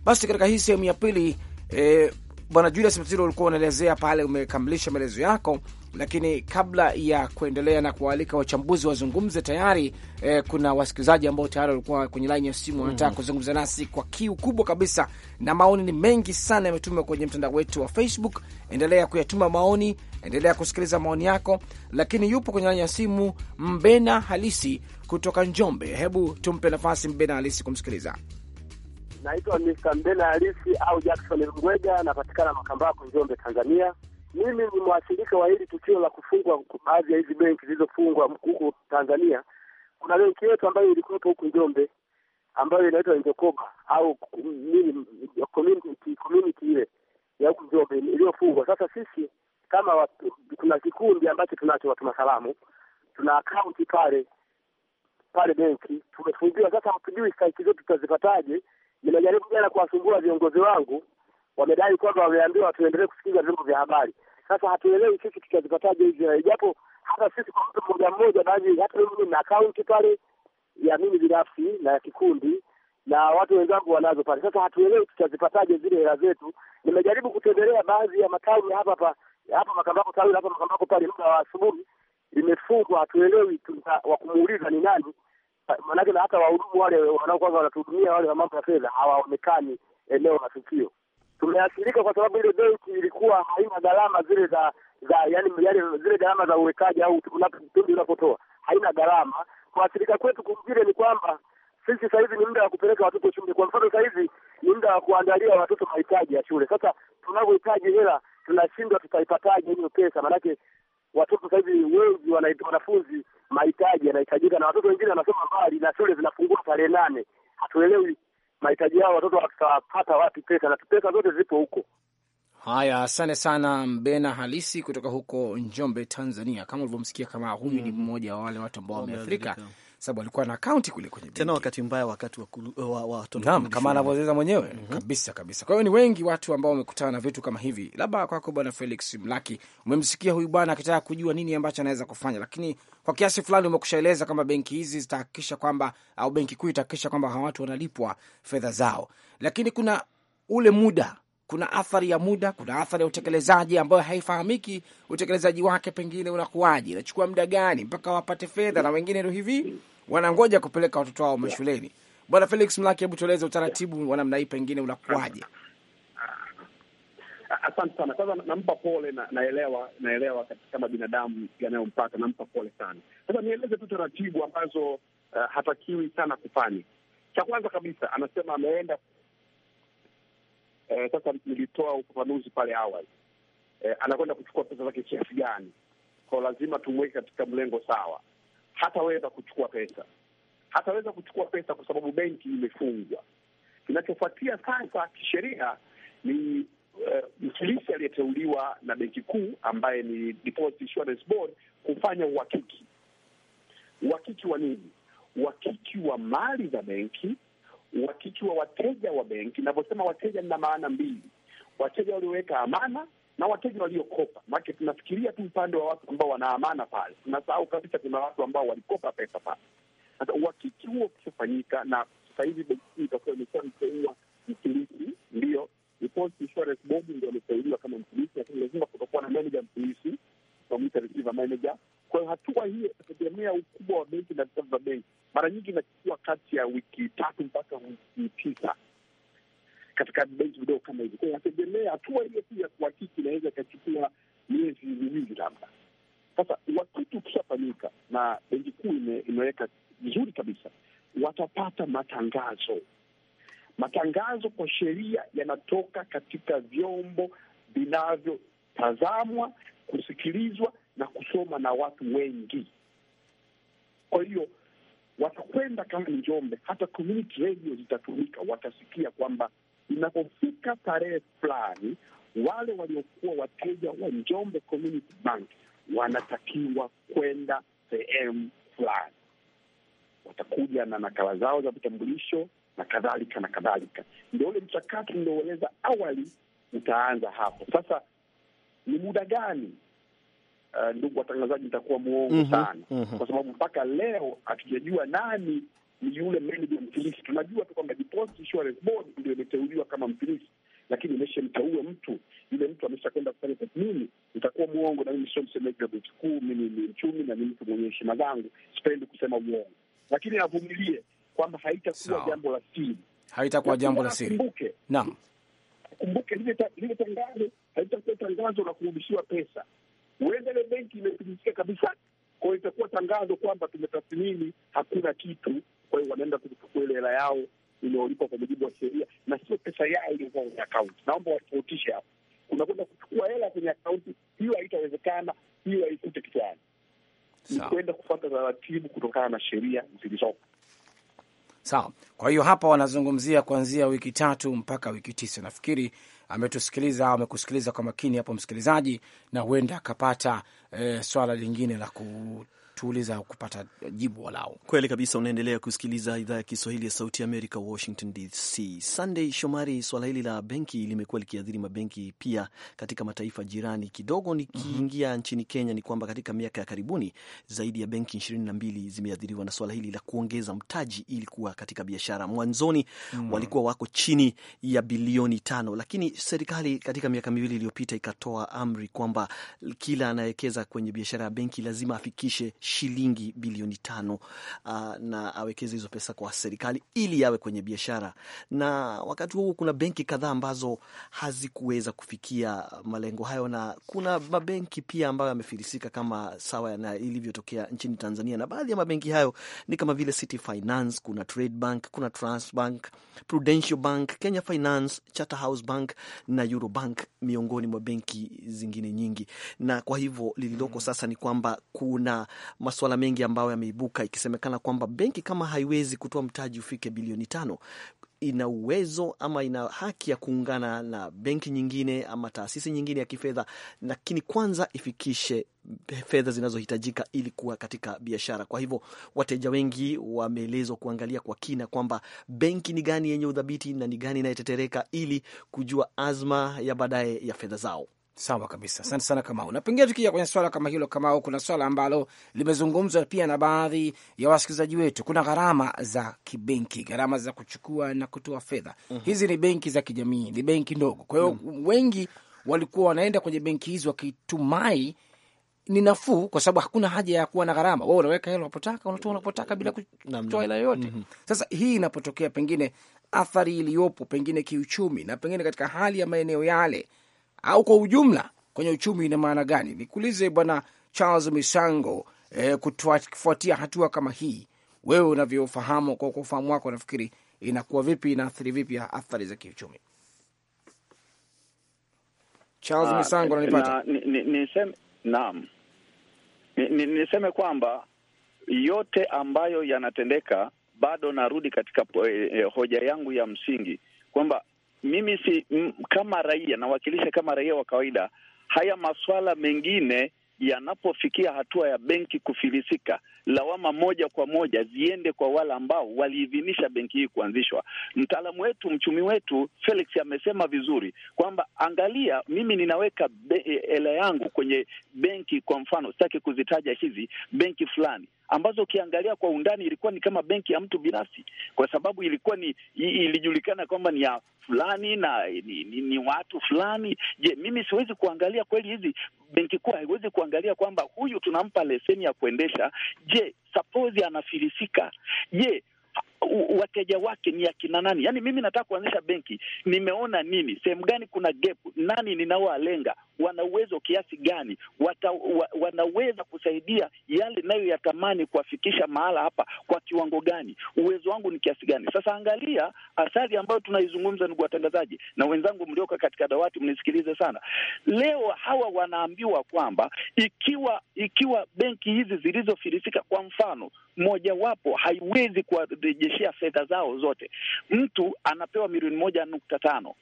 Basi katika hii sehemu ya pili, eh, bwana Julius Mtatiro, ulikuwa unaelezea pale, umekamilisha maelezo yako lakini kabla ya kuendelea na kuwaalika wachambuzi wazungumze, tayari eh, kuna wasikilizaji ambao tayari walikuwa kwenye laini ya simu wanataka mm -hmm. kuzungumza nasi kwa kiu kubwa kabisa, na maoni ni mengi sana yametumwa kwenye mtandao wetu wa Facebook. Endelea kuyatuma maoni, endelea kusikiliza maoni yako, lakini yupo kwenye laini ya simu Mbena Halisi kutoka Njombe. Hebu tumpe nafasi Mbena Halisi kumsikiliza. Naitwa Mr. Mbena Halisi au Jackson Mgweja, napatikana Makambako, Njombe, Tanzania. Mimi ni mwathirika wa hili tukio la kufungwa baadhi ya hizi benki zilizofungwa huku Tanzania. Kuna benki yetu ambayo ilikuwepo huku Njombe ambayo inaitwa Njokoba au nini, community community ile ya huku Njombe iliyofungwa. Sasa sisi kama watu, kuna kikundi ambacho tunacho watu masalamu, tuna akaunti pale pale benki tumefungiwa. Sasa hatujui stahiki zetu tutazipataje. Nimejaribu jana kuwasumbua viongozi wangu wamedai kwamba wameambiwa tuendelee kusikiza vyombo vya habari. Sasa hatuelewi sisi tutazipataje hizi hela, ijapo hata sisi kwa mtu mmoja mmoja, baadhi hata mimi na akaunti pale ya mimi binafsi na ya kikundi na watu wenzangu wanazo pale. Sasa hatuelewi tutazipataje zile hela zetu. Nimejaribu kutembelea baadhi ya matawi hapa hapa hapa Makambako tawi hapa Makambako pale, muda wa asubuhi imefungwa, hatuelewi wa kumuuliza ni nani, maanake na hata wahudumu wale wanaokwanza wanatuhudumia wale wa mambo ya fedha hawaonekani eneo la tukio tumeathirika kwa sababu ile benki ilikuwa haina gharama zile za za yani, yani zile gharama za uwekaji au pindi unapotoa haina gharama. Kuathirika kwetu kingine ni kwamba sisi sasa hivi ni muda wa kupeleka watoto shule. Kwa mfano, sasa hivi ni muda wa kuandalia watoto mahitaji ya shule. Sasa tunavyohitaji hela tunashindwa, tutaipataje hiyo pesa? Maanake watoto sasa hivi wengi wanafunzi mahitaji yanahitajika, na watoto wengine wanasoma mbali na shule zinafungua tarehe nane, hatuelewi mahitaji yao watoto watapata wapi pesa, na pesa zote zipo huko. Haya, asante sana Mbena Halisi kutoka huko Njombe, Tanzania. Kama ulivyomsikia, kama huyu mm, ni mm-hmm. mmoja wa wale watu ambao wameathirika sababu alikuwa na akaunti kule kwenye benki. Tena wakati mbaya, wakati wa watoto. Naam, kama anavyoeleza mwenyewe mm -hmm. kabisa kabisa. Kwa hiyo ni wengi watu ambao wamekutana na vitu kama hivi. Labda kwako bwana Felix Mlaki, umemsikia huyu bwana akitaka kujua nini ambacho anaweza kufanya, lakini kwa kiasi fulani umekushaeleza kwamba benki hizi zitahakikisha kwamba au benki kuu itahakikisha kwamba hawa watu wanalipwa fedha zao, lakini kuna ule muda kuna athari ya muda, kuna athari ya utekelezaji ambayo haifahamiki. Utekelezaji wake pengine unakuwaje, inachukua muda gani mpaka wapate fedha, na wengine ndio hivi wanangoja kupeleka watoto wao mashuleni. Bwana Felix Mlaki, hebu tueleze utaratibu wa namna hii pengine unakuwaje? Asante sana. Sasa nampa pole na, naelewa naelewa kama binadamu yanayompata, nampa pole sana. Sasa nieleze tu taratibu ambazo uh, hatakiwi sana kufanya. Cha kwanza kabisa, anasema ameenda eh, sasa nilitoa ufafanuzi pale awali eh, anakwenda kuchukua pesa zake kiasi gani? Kwa lazima tumweke katika mlengo sawa. Hataweza kuchukua pesa, hataweza kuchukua pesa kwa sababu benki imefungwa. Kinachofuatia sasa kisheria ni eh, mfilisi uh, aliyeteuliwa na benki kuu ambaye ni Deposit Insurance Board kufanya uhakiki. Uhakiki wa nini? Uhakiki wa mali za benki wa wateja wa benki. Ninavyosema wateja, nina maana mbili: wateja walioweka amana na wateja waliokopa. make tunafikiria tu upande wa watu ambao wana amana pale, tunasahau kabisa kuna watu ambao walikopa pesa pale. Sasa uhakiki huo ukishafanyika, na sasa hivi benki itakuwa imekuwa mteua msimamizi, ndio Deposit Insurance Board ndio ameteuliwa kama msimamizi, lakini lazima kutakuwa na meneja mtulisi tunamuita receiver manager. Kwa hiyo hatua hii inategemea ukubwa wa benki na vitabu vya benki. Mara nyingi inachukua kati ya wiki tatu mpaka wiki tisa katika benki vidogo kama hivi. Kwa hiyo inategemea hatua hiyo pia kuhakiki inaweza ikachukua miezi miwili labda. Sasa wakati ukishafanyika na benki kuu imeweka vizuri kabisa, watapata matangazo. Matangazo kwa sheria yanatoka katika vyombo vinavyotazamwa kusikilizwa na kusoma na watu wengi. Kwa hiyo watakwenda kama ni Njombe, hata community radio zitatumika, watasikia kwamba inapofika tarehe fulani, wale waliokuwa wateja wa Njombe Community Bank wanatakiwa kwenda sehemu fulani. Watakuja na nakala zao za vitambulisho na kadhalika na kadhalika. Ndio ule mchakato nilioeleza awali utaanza hapo sasa ni muda gani? Uh, ndugu watangazaji, nitakuwa mwongo mm -hmm, sana mm -hmm. kwa sababu mpaka leo hatujajua nani ni yule meneja mfilisi. Tunajua tu kwamba Deposit Insurance Board ndio imeteuliwa kama mfilisi, lakini imeshamteua mtu. Yule mtu ameshakwenda kufanya tathmini. Nitakuwa mwongo, na mimi sio msemaji wa benki kuu. Mimi ni mchumi na ni mtu mwenye heshima zangu, sipendi kusema uongo, lakini avumilie kwamba haitakuwa so, jambo la siri, haitakuwa jambo la siri. Naam, kumbuke lile tangazo haitakuwa tangazo la kurudishiwa pesa. Huenda ile benki imepitisika kabisa, kwao itakuwa tangazo kwamba tumetathmini, hakuna kitu. Kwa hiyo wanaenda kuchukua ile hela yao iliyolipwa kwa mujibu wa sheria, na sio pesa yao iliyokuwa kwenye akaunti. Naomba watofautishe hapo, kunakwenda kuchukua hela kwenye akaunti hiyo, haitawezekana hiyo, haikute kichwani, ni kwenda kufuata taratibu kutokana na sheria zilizopo. Sawa. Kwa hiyo hapa wanazungumzia kuanzia wiki tatu mpaka wiki tisa. Nafikiri ametusikiliza au amekusikiliza kwa makini hapo msikilizaji, na huenda akapata e, swala lingine la ku tuuliza kupata jibu walau. Kweli kabisa. Unaendelea kusikiliza idhaa ya Kiswahili ya Sauti ya Amerika, Washington DC. Sunday Shomari, swala hili la benki limekuwa likiathiri mabenki pia katika mataifa jirani kidogo. Nikiingia mm -hmm. nchini Kenya ni kwamba katika miaka ya karibuni zaidi ya benki ishirini na mbili zimeathiriwa na swala hili la kuongeza mtaji ili kuwa katika biashara. Mwanzoni mm -hmm. walikuwa wako chini ya bilioni tano, lakini serikali katika miaka miwili iliyopita ikatoa amri kwamba kila anayewekeza kwenye biashara ya benki lazima afikishe shilingi bilioni tano uh, na awekeze hizo pesa kwa serikali ili yawe kwenye biashara. Na wakati huo kuna benki kadhaa ambazo hazikuweza kufikia malengo hayo, na kuna mabenki pia ambayo yamefilisika kama sawa na ilivyotokea nchini Tanzania, na baadhi ya mabenki hayo ni kama vile City Finance, kuna Trade Bank, kuna Transbank, Prudential Bank, Kenya Finance, Charterhouse Bank na Eurobank miongoni mwa benki zingine nyingi. Na kwa hivyo lililoko mm. sasa ni kwamba kuna masuala mengi ambayo yameibuka, ikisemekana kwamba benki kama haiwezi kutoa mtaji ufike bilioni tano ina uwezo ama ina haki ya kuungana na benki nyingine ama taasisi nyingine ya kifedha, lakini kwanza ifikishe fedha zinazohitajika ili kuwa katika biashara. Kwa hivyo wateja wengi wameelezwa kuangalia kwa kina kwamba benki ni gani yenye udhabiti na ni gani inayetetereka, ili kujua azma ya baadaye ya fedha zao. Sawa kabisa, asante sana Kamau. Na pengine tukija kwenye swala kama hilo, Kamau, kuna swala ambalo limezungumzwa pia na baadhi ya wasikilizaji wetu. Kuna gharama za kibenki, gharama za kuchukua na kutoa fedha. mm -hmm. Hizi ni benki za kijamii, ni benki ndogo, kwa hiyo mm -hmm. wengi walikuwa wanaenda kwenye benki hizi wakitumai ni nafuu, kwa sababu hakuna haja ya kuwa na gharama. Wewe unaweka hela unapotaka, unatoa unapotaka bila kutoa hela yoyote. mm -hmm. Sasa hii inapotokea, pengine athari iliyopo pengine kiuchumi na pengine katika hali ya maeneo yale au kwa ujumla kwenye uchumi ina maana gani? Nikuulize Bwana Charles Misango, eh, kufuatia hatua kama hii, wewe unavyofahamu, kwa ufahamu wako, nafikiri inakuwa vipi, inaathiri vipi athari za kiuchumi? Charles ah, Misango, Naam, niseme kwamba yote ambayo yanatendeka, bado narudi katika eh, hoja yangu ya msingi kwamba mimi si m, kama raia nawakilisha kama raia wa kawaida. Haya maswala mengine yanapofikia hatua ya benki kufilisika, lawama moja kwa moja ziende kwa wale ambao waliidhinisha benki hii kuanzishwa. Mtaalamu wetu mchumi wetu Felix amesema vizuri kwamba angalia, mimi ninaweka e, hela yangu kwenye benki, kwa mfano sitaki kuzitaja hizi benki fulani, ambazo ukiangalia kwa undani ilikuwa ni kama benki ya mtu binafsi, kwa sababu ilikuwa ni ilijulikana kwamba ni ya fulani na ni, ni, ni watu fulani. Je, mimi siwezi kuangalia kweli? Hizi benki kuu haiwezi kuangalia kwamba huyu tunampa leseni ya kuendesha. Je, suppose anafilisika? Je, wateja wake ni akina nani? Yaani mimi nataka kuanzisha benki, nimeona nini, sehemu gani kuna gap, nani ninaowalenga, wana uwezo kiasi gani, wata, wa, wanaweza kusaidia yale nayo yatamani kuwafikisha mahala hapa kwa kiwango gani, uwezo wangu ni kiasi gani? Sasa angalia athari ambayo tunaizungumza, ndugu watangazaji na wenzangu mlioka katika dawati, mnisikilize sana. Leo hawa wanaambiwa kwamba ikiwa ikiwa benki hizi zilizofilisika, kwa mfano mojawapo haiwezi kuwarejeshea fedha zao zote. Mtu anapewa milioni moja nukta tano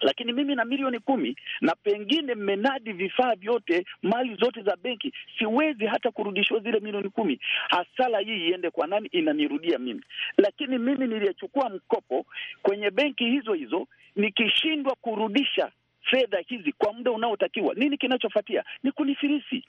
lakini mimi na milioni kumi na pengine mmenadi vifaa vyote, mali zote za benki, siwezi hata kurudishiwa zile milioni kumi. Hasara hii iende kwa nani? Inanirudia mimi. Lakini mimi niliyechukua mkopo kwenye benki hizo hizo, nikishindwa kurudisha fedha hizi kwa muda unaotakiwa, nini kinachofuatia? Ni kunifilisi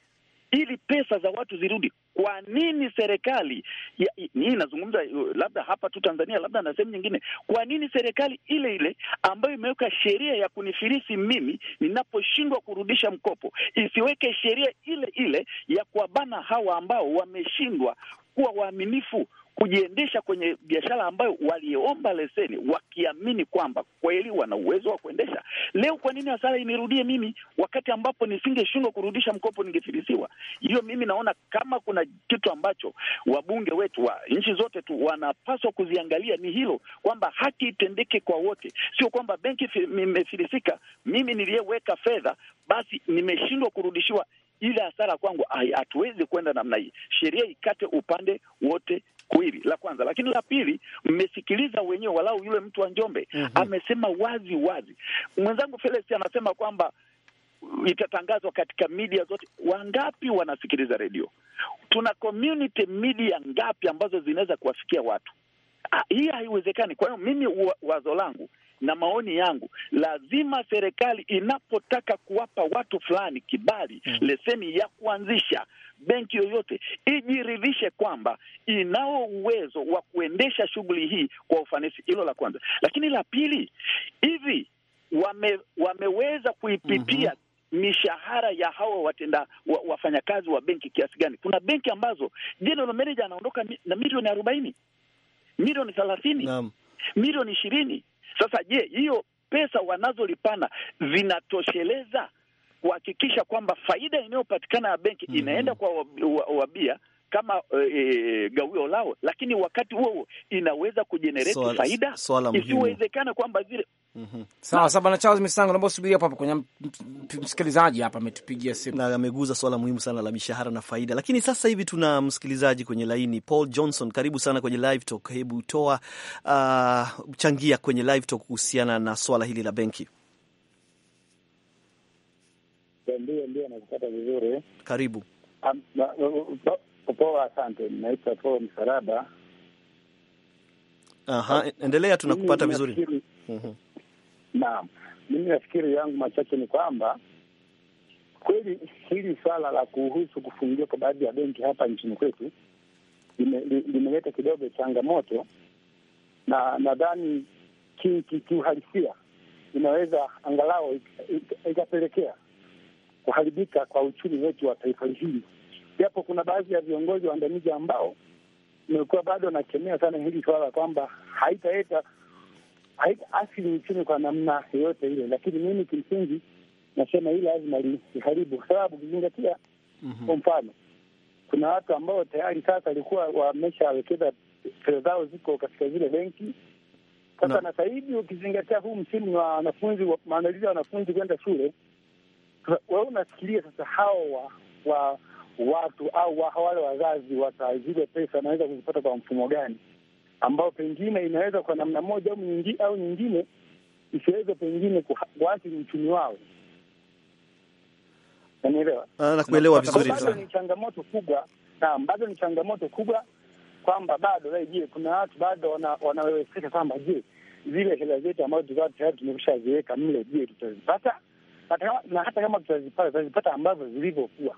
ili pesa za watu zirudi. Kwa nini serikali hii, inazungumza uh, labda hapa tu Tanzania, labda na sehemu nyingine, kwa nini serikali ile ile ambayo imeweka sheria ya kunifilisi mimi ninaposhindwa kurudisha mkopo isiweke sheria ile ile ya kuwabana hawa ambao wameshindwa kuwa waaminifu kujiendesha kwenye biashara ambayo waliomba leseni wakiamini kwamba kweli wana uwezo wa kuendesha. Leo kwa nini hasara inirudie mimi wakati ambapo nisingeshindwa kurudisha mkopo, ningefilisiwa? Hiyo mimi naona kama kuna kitu ambacho wabunge wetu wa nchi zote tu wanapaswa kuziangalia ni hilo, kwamba haki itendeke kwa wote, sio kwamba benki imefilisika, mimi niliyeweka fedha basi nimeshindwa kurudishiwa ile hasara kwangu. Hatuwezi kwenda namna hii, sheria ikate upande wote kuili la kwanza, lakini la pili, mmesikiliza wenyewe, walau yule mtu wa Njombe mm -hmm. amesema wazi wazi. Mwenzangu Felesi anasema kwamba itatangazwa katika media zote. Wangapi wanasikiliza redio? Tuna community media ngapi ambazo zinaweza kuwafikia watu? Ha, ah, hii haiwezekani. Kwa hiyo mimi wazo langu na maoni yangu, lazima serikali inapotaka kuwapa watu fulani kibali, mm -hmm. leseni ya kuanzisha benki yoyote ijiridhishe kwamba inao uwezo wa kuendesha shughuli hii kwa ufanisi. Hilo la kwanza, lakini la pili, hivi wame, wameweza kuipitia mm -hmm mishahara ya hawa watenda wa, wafanyakazi wa benki kiasi gani? Kuna benki ambazo general manager anaondoka na milioni arobaini, milioni thelathini, milioni ishirini. Sasa je, hiyo pesa wanazolipana zinatosheleza kuhakikisha kwamba faida inayopatikana ya benki mm -hmm. inaenda kwa wabia kama e, e, gawio lao, lakini wakati huo inaweza kujenereti faida isiwezekana kwamba zile Mm -hmm. Sawa sawa, bwana Charles Misango, naomba usubiri hapo hapo kwenye msikilizaji hapa ametupigia simu na ameguza swala muhimu sana la mishahara na faida. Lakini sasa hivi tuna msikilizaji kwenye laini, Paul Johnson, karibu sana kwenye live talk. Hebu toa uh, changia kwenye live talk kuhusiana na swala hili la benki. Ndio, ndio, nakupata vizuri. Karibu. Poa, asante. Naitwa Po msaraba Aha, ah, endelea, tunakupata vizuri. Mhm. Naam, mimi nafikiri yangu machache ni kwamba kweli hili swala la kuhusu kufungiwa kwa baadhi ya benki hapa nchini kwetu limeleta kidogo changamoto, na nadhani kiuhalisia inaweza angalau ikapelekea kuharibika kwa uchumi wetu wa taifa hili, japo kuna baadhi ya viongozi waandamizi ambao imekuwa bado nakemea sana hili swala kwamba haitaleta athiri uchumi kwa namna yoyote ile, lakini mimi kimsingi nasema hili lazima liharibu, kwa sababu ukizingatia mhm. kwa mfano kuna watu ambao tayari sasa walikuwa wameshawekeza fedha zao ziko katika zile benki sasa, na sasa hivi ukizingatia huu msimu wa wanafunzi maandalizi ya wanafunzi kwenda shule wewe unafikiria sasa hao wa, wa watu au wa, wale wazazi watazile pesa wanaweza kuzipata kwa mfumo gani ambao pengine inaweza kwa namna moja au nyingine, au nyingine isiweze pengine kuathiri uchumi wao. Unanielewa? Ah, nakuelewa vizuri sana. Bado ni changamoto kubwa, naam, bado ni changamoto kubwa kwamba bado, je, kuna watu bado wanaweweseka kwamba, je, zile hela zetu ambazo tulikuwa tayari tumeshaziweka mle, je, tutazipata? na hata kama tutazipata, tutazipata ambazo zilivyokuwa.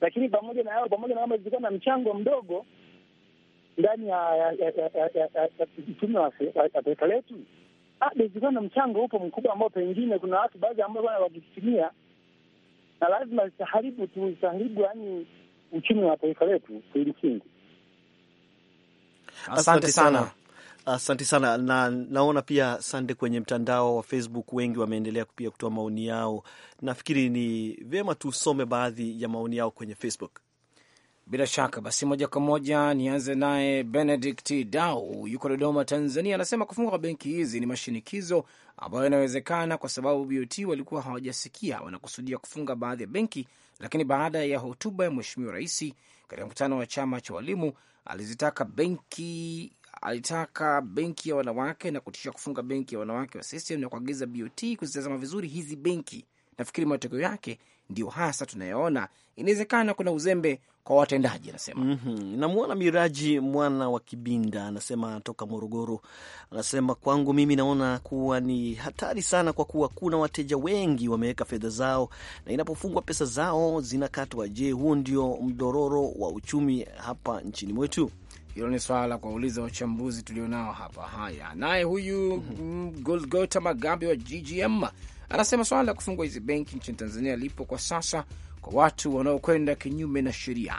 Lakini pamoja na hayo, pamoja na kama zilikuwa na mchango mdogo ndani ya uchumi wa taifa letu, zilikuwa na mchango upo mkubwa ambao pengine kuna watu baadhi ambao wakitumia, na lazima zitaharibu tu, zitaharibu yani uchumi wa taifa letu kimsingi. Asante sana. Asante sana na naona pia sande, kwenye mtandao wa Facebook wengi wameendelea pia kutoa maoni yao. Nafikiri ni vyema tusome baadhi ya maoni yao kwenye Facebook. Bila shaka basi, moja kwa moja nianze naye Benedict Dau, yuko Dodoma, Tanzania. Anasema kufunga kwa benki hizi ni mashinikizo ambayo inawezekana kwa sababu BOT walikuwa hawajasikia wanakusudia kufunga baadhi ya benki, lakini baada ya hotuba ya Mheshimiwa Rais katika mkutano wa chama cha walimu alizitaka benki alitaka benki ya wanawake na kutishia kufunga benki ya wanawake wa CCM na kuagiza BOT kuzitazama vizuri hizi benki. Nafikiri matokeo yake ndio hasa tunayoona. Inawezekana kuna uzembe kwa watendaji, anasema mm -hmm. Namwona Miraji mwana wa Kibinda anasema toka Morogoro, anasema kwangu mimi naona kuwa ni hatari sana, kwa kuwa kuna wateja wengi wameweka fedha zao na inapofungwa pesa zao zinakatwa. Je, huo ndio mdororo wa uchumi hapa nchini mwetu? Hilo ni swala la kuwauliza wachambuzi tulionao hapa. Haya, naye huyu Golgota Magambi wa GGM anasema swala la kufungwa hizi benki nchini Tanzania lipo kwa sasa kwa watu wanaokwenda kinyume na sheria.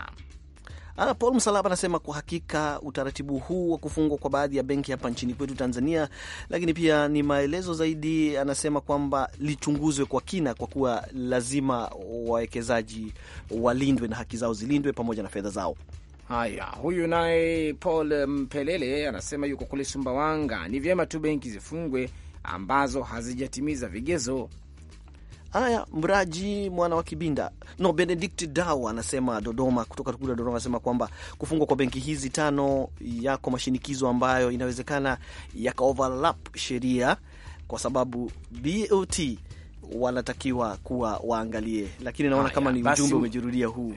Ah, Paul Msalaba anasema kwa hakika utaratibu huu wa kufungwa kwa baadhi ya benki hapa nchini kwetu Tanzania, lakini pia ni maelezo zaidi. Anasema kwamba lichunguzwe kwa kina, kwa kuwa lazima wawekezaji walindwe na haki zao zilindwe pamoja na fedha zao. Haya, huyu naye Paul Mpelele anasema yuko kule Sumbawanga, ni vyema tu benki zifungwe ambazo hazijatimiza vigezo. Haya, Mraji mwana wa Kibinda no Benedict Daw anasema Dodoma, kutoka kule Dodoma, anasema kwamba kufungwa kwa benki hizi tano yako mashinikizo ambayo inawezekana overlap sheria kwa sababu BOT wanatakiwa kuwa waangalie, lakini naona kama ni ujumbe umejirudia huu.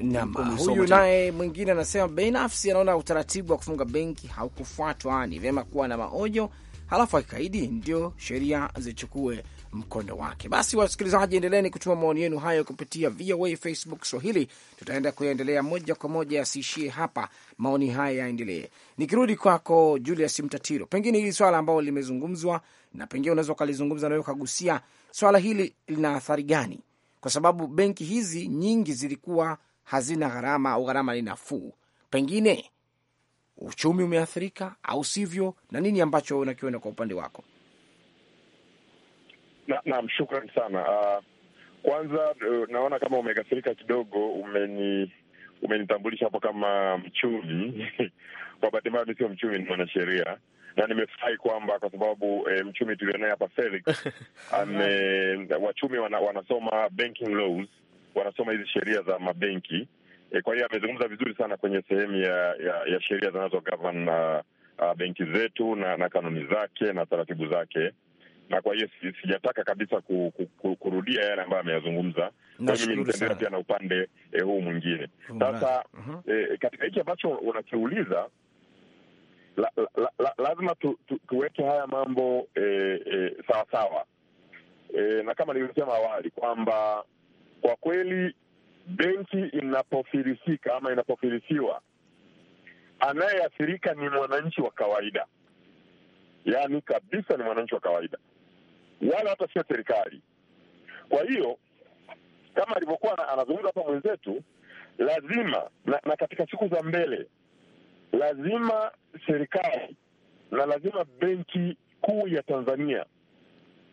Huyu naye mwingine anasema binafsi anaona utaratibu wa kufunga benki haukufuatwa, ni vyema kuwa na maonyo, halafu akikaidi ndio sheria zichukue mkondo wake. Basi wasikilizaji, endeleni kutuma maoni yenu hayo kupitia VOA Facebook Swahili, tutaenda kuyaendelea moja kwa moja, yasiishie hapa, maoni haya yaendelee. Nikirudi kwako Julius Mtatiro, pengine hili swala ambalo limezungumzwa na pengine unaweza ukalizungumza nawe ukagusia swala hili lina athari gani? Kwa sababu benki hizi nyingi zilikuwa hazina gharama au gharama ni nafuu, pengine uchumi umeathirika au sivyo, na nini ambacho unakiona kwa upande wako? Naam na, shukran sana uh, kwanza uh, naona kama umekasirika kidogo, umeni umenitambulisha hapo kama mchumi kwa bahati mbaya mi sio mchumi, ni mwanasheria na nimefurahi kwamba kwa sababu e, mchumi tulionaye hapa Felix ame wachumi wana, wanasoma banking laws, wanasoma hizi sheria za mabenki e, kwa hiyo amezungumza vizuri sana kwenye sehemu ya, ya, ya sheria zinazo govern uh, uh, benki zetu na, na kanuni zake na taratibu zake na kwa hiyo sijataka kabisa ku, ku, ku, kurudia yale ambayo ameyazungumza. Kwa mimi nitaendelea pia na upande eh, huu mwingine sasa. uh -huh. E, katika hiki ambacho unakiuliza la, la, la, lazima tu, tu, tuweke haya mambo sawasawa, e, e sawa. E, na kama nilivyosema awali kwamba kwa kweli benki inapofirisika ama inapofirisiwa anayeathirika ni mwananchi wa kawaida, yaani kabisa ni mwananchi wa kawaida, wala hata sio serikali. Kwa hiyo kama alivyokuwa anazungumza hapa mwenzetu, lazima na, na katika siku za mbele lazima serikali na lazima benki kuu ya Tanzania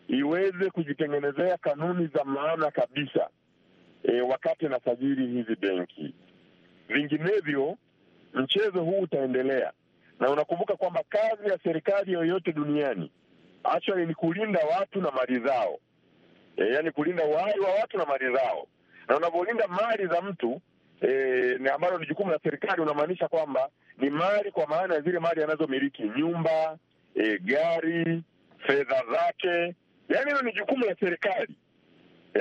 iweze kujitengenezea kanuni za maana kabisa e, wakati nasajili hizi benki. Vinginevyo mchezo huu utaendelea, na unakumbuka kwamba kazi ya serikali yoyote duniani actually ni kulinda watu na mali zao, e, yani kulinda uhai wa watu na mali zao, na unavyolinda mali za mtu e, ambalo ni jukumu la serikali, unamaanisha kwamba ni mali kwa maana ya zile mali anazomiliki nyumba, e, gari, fedha zake. Yaani hilo ni jukumu la serikali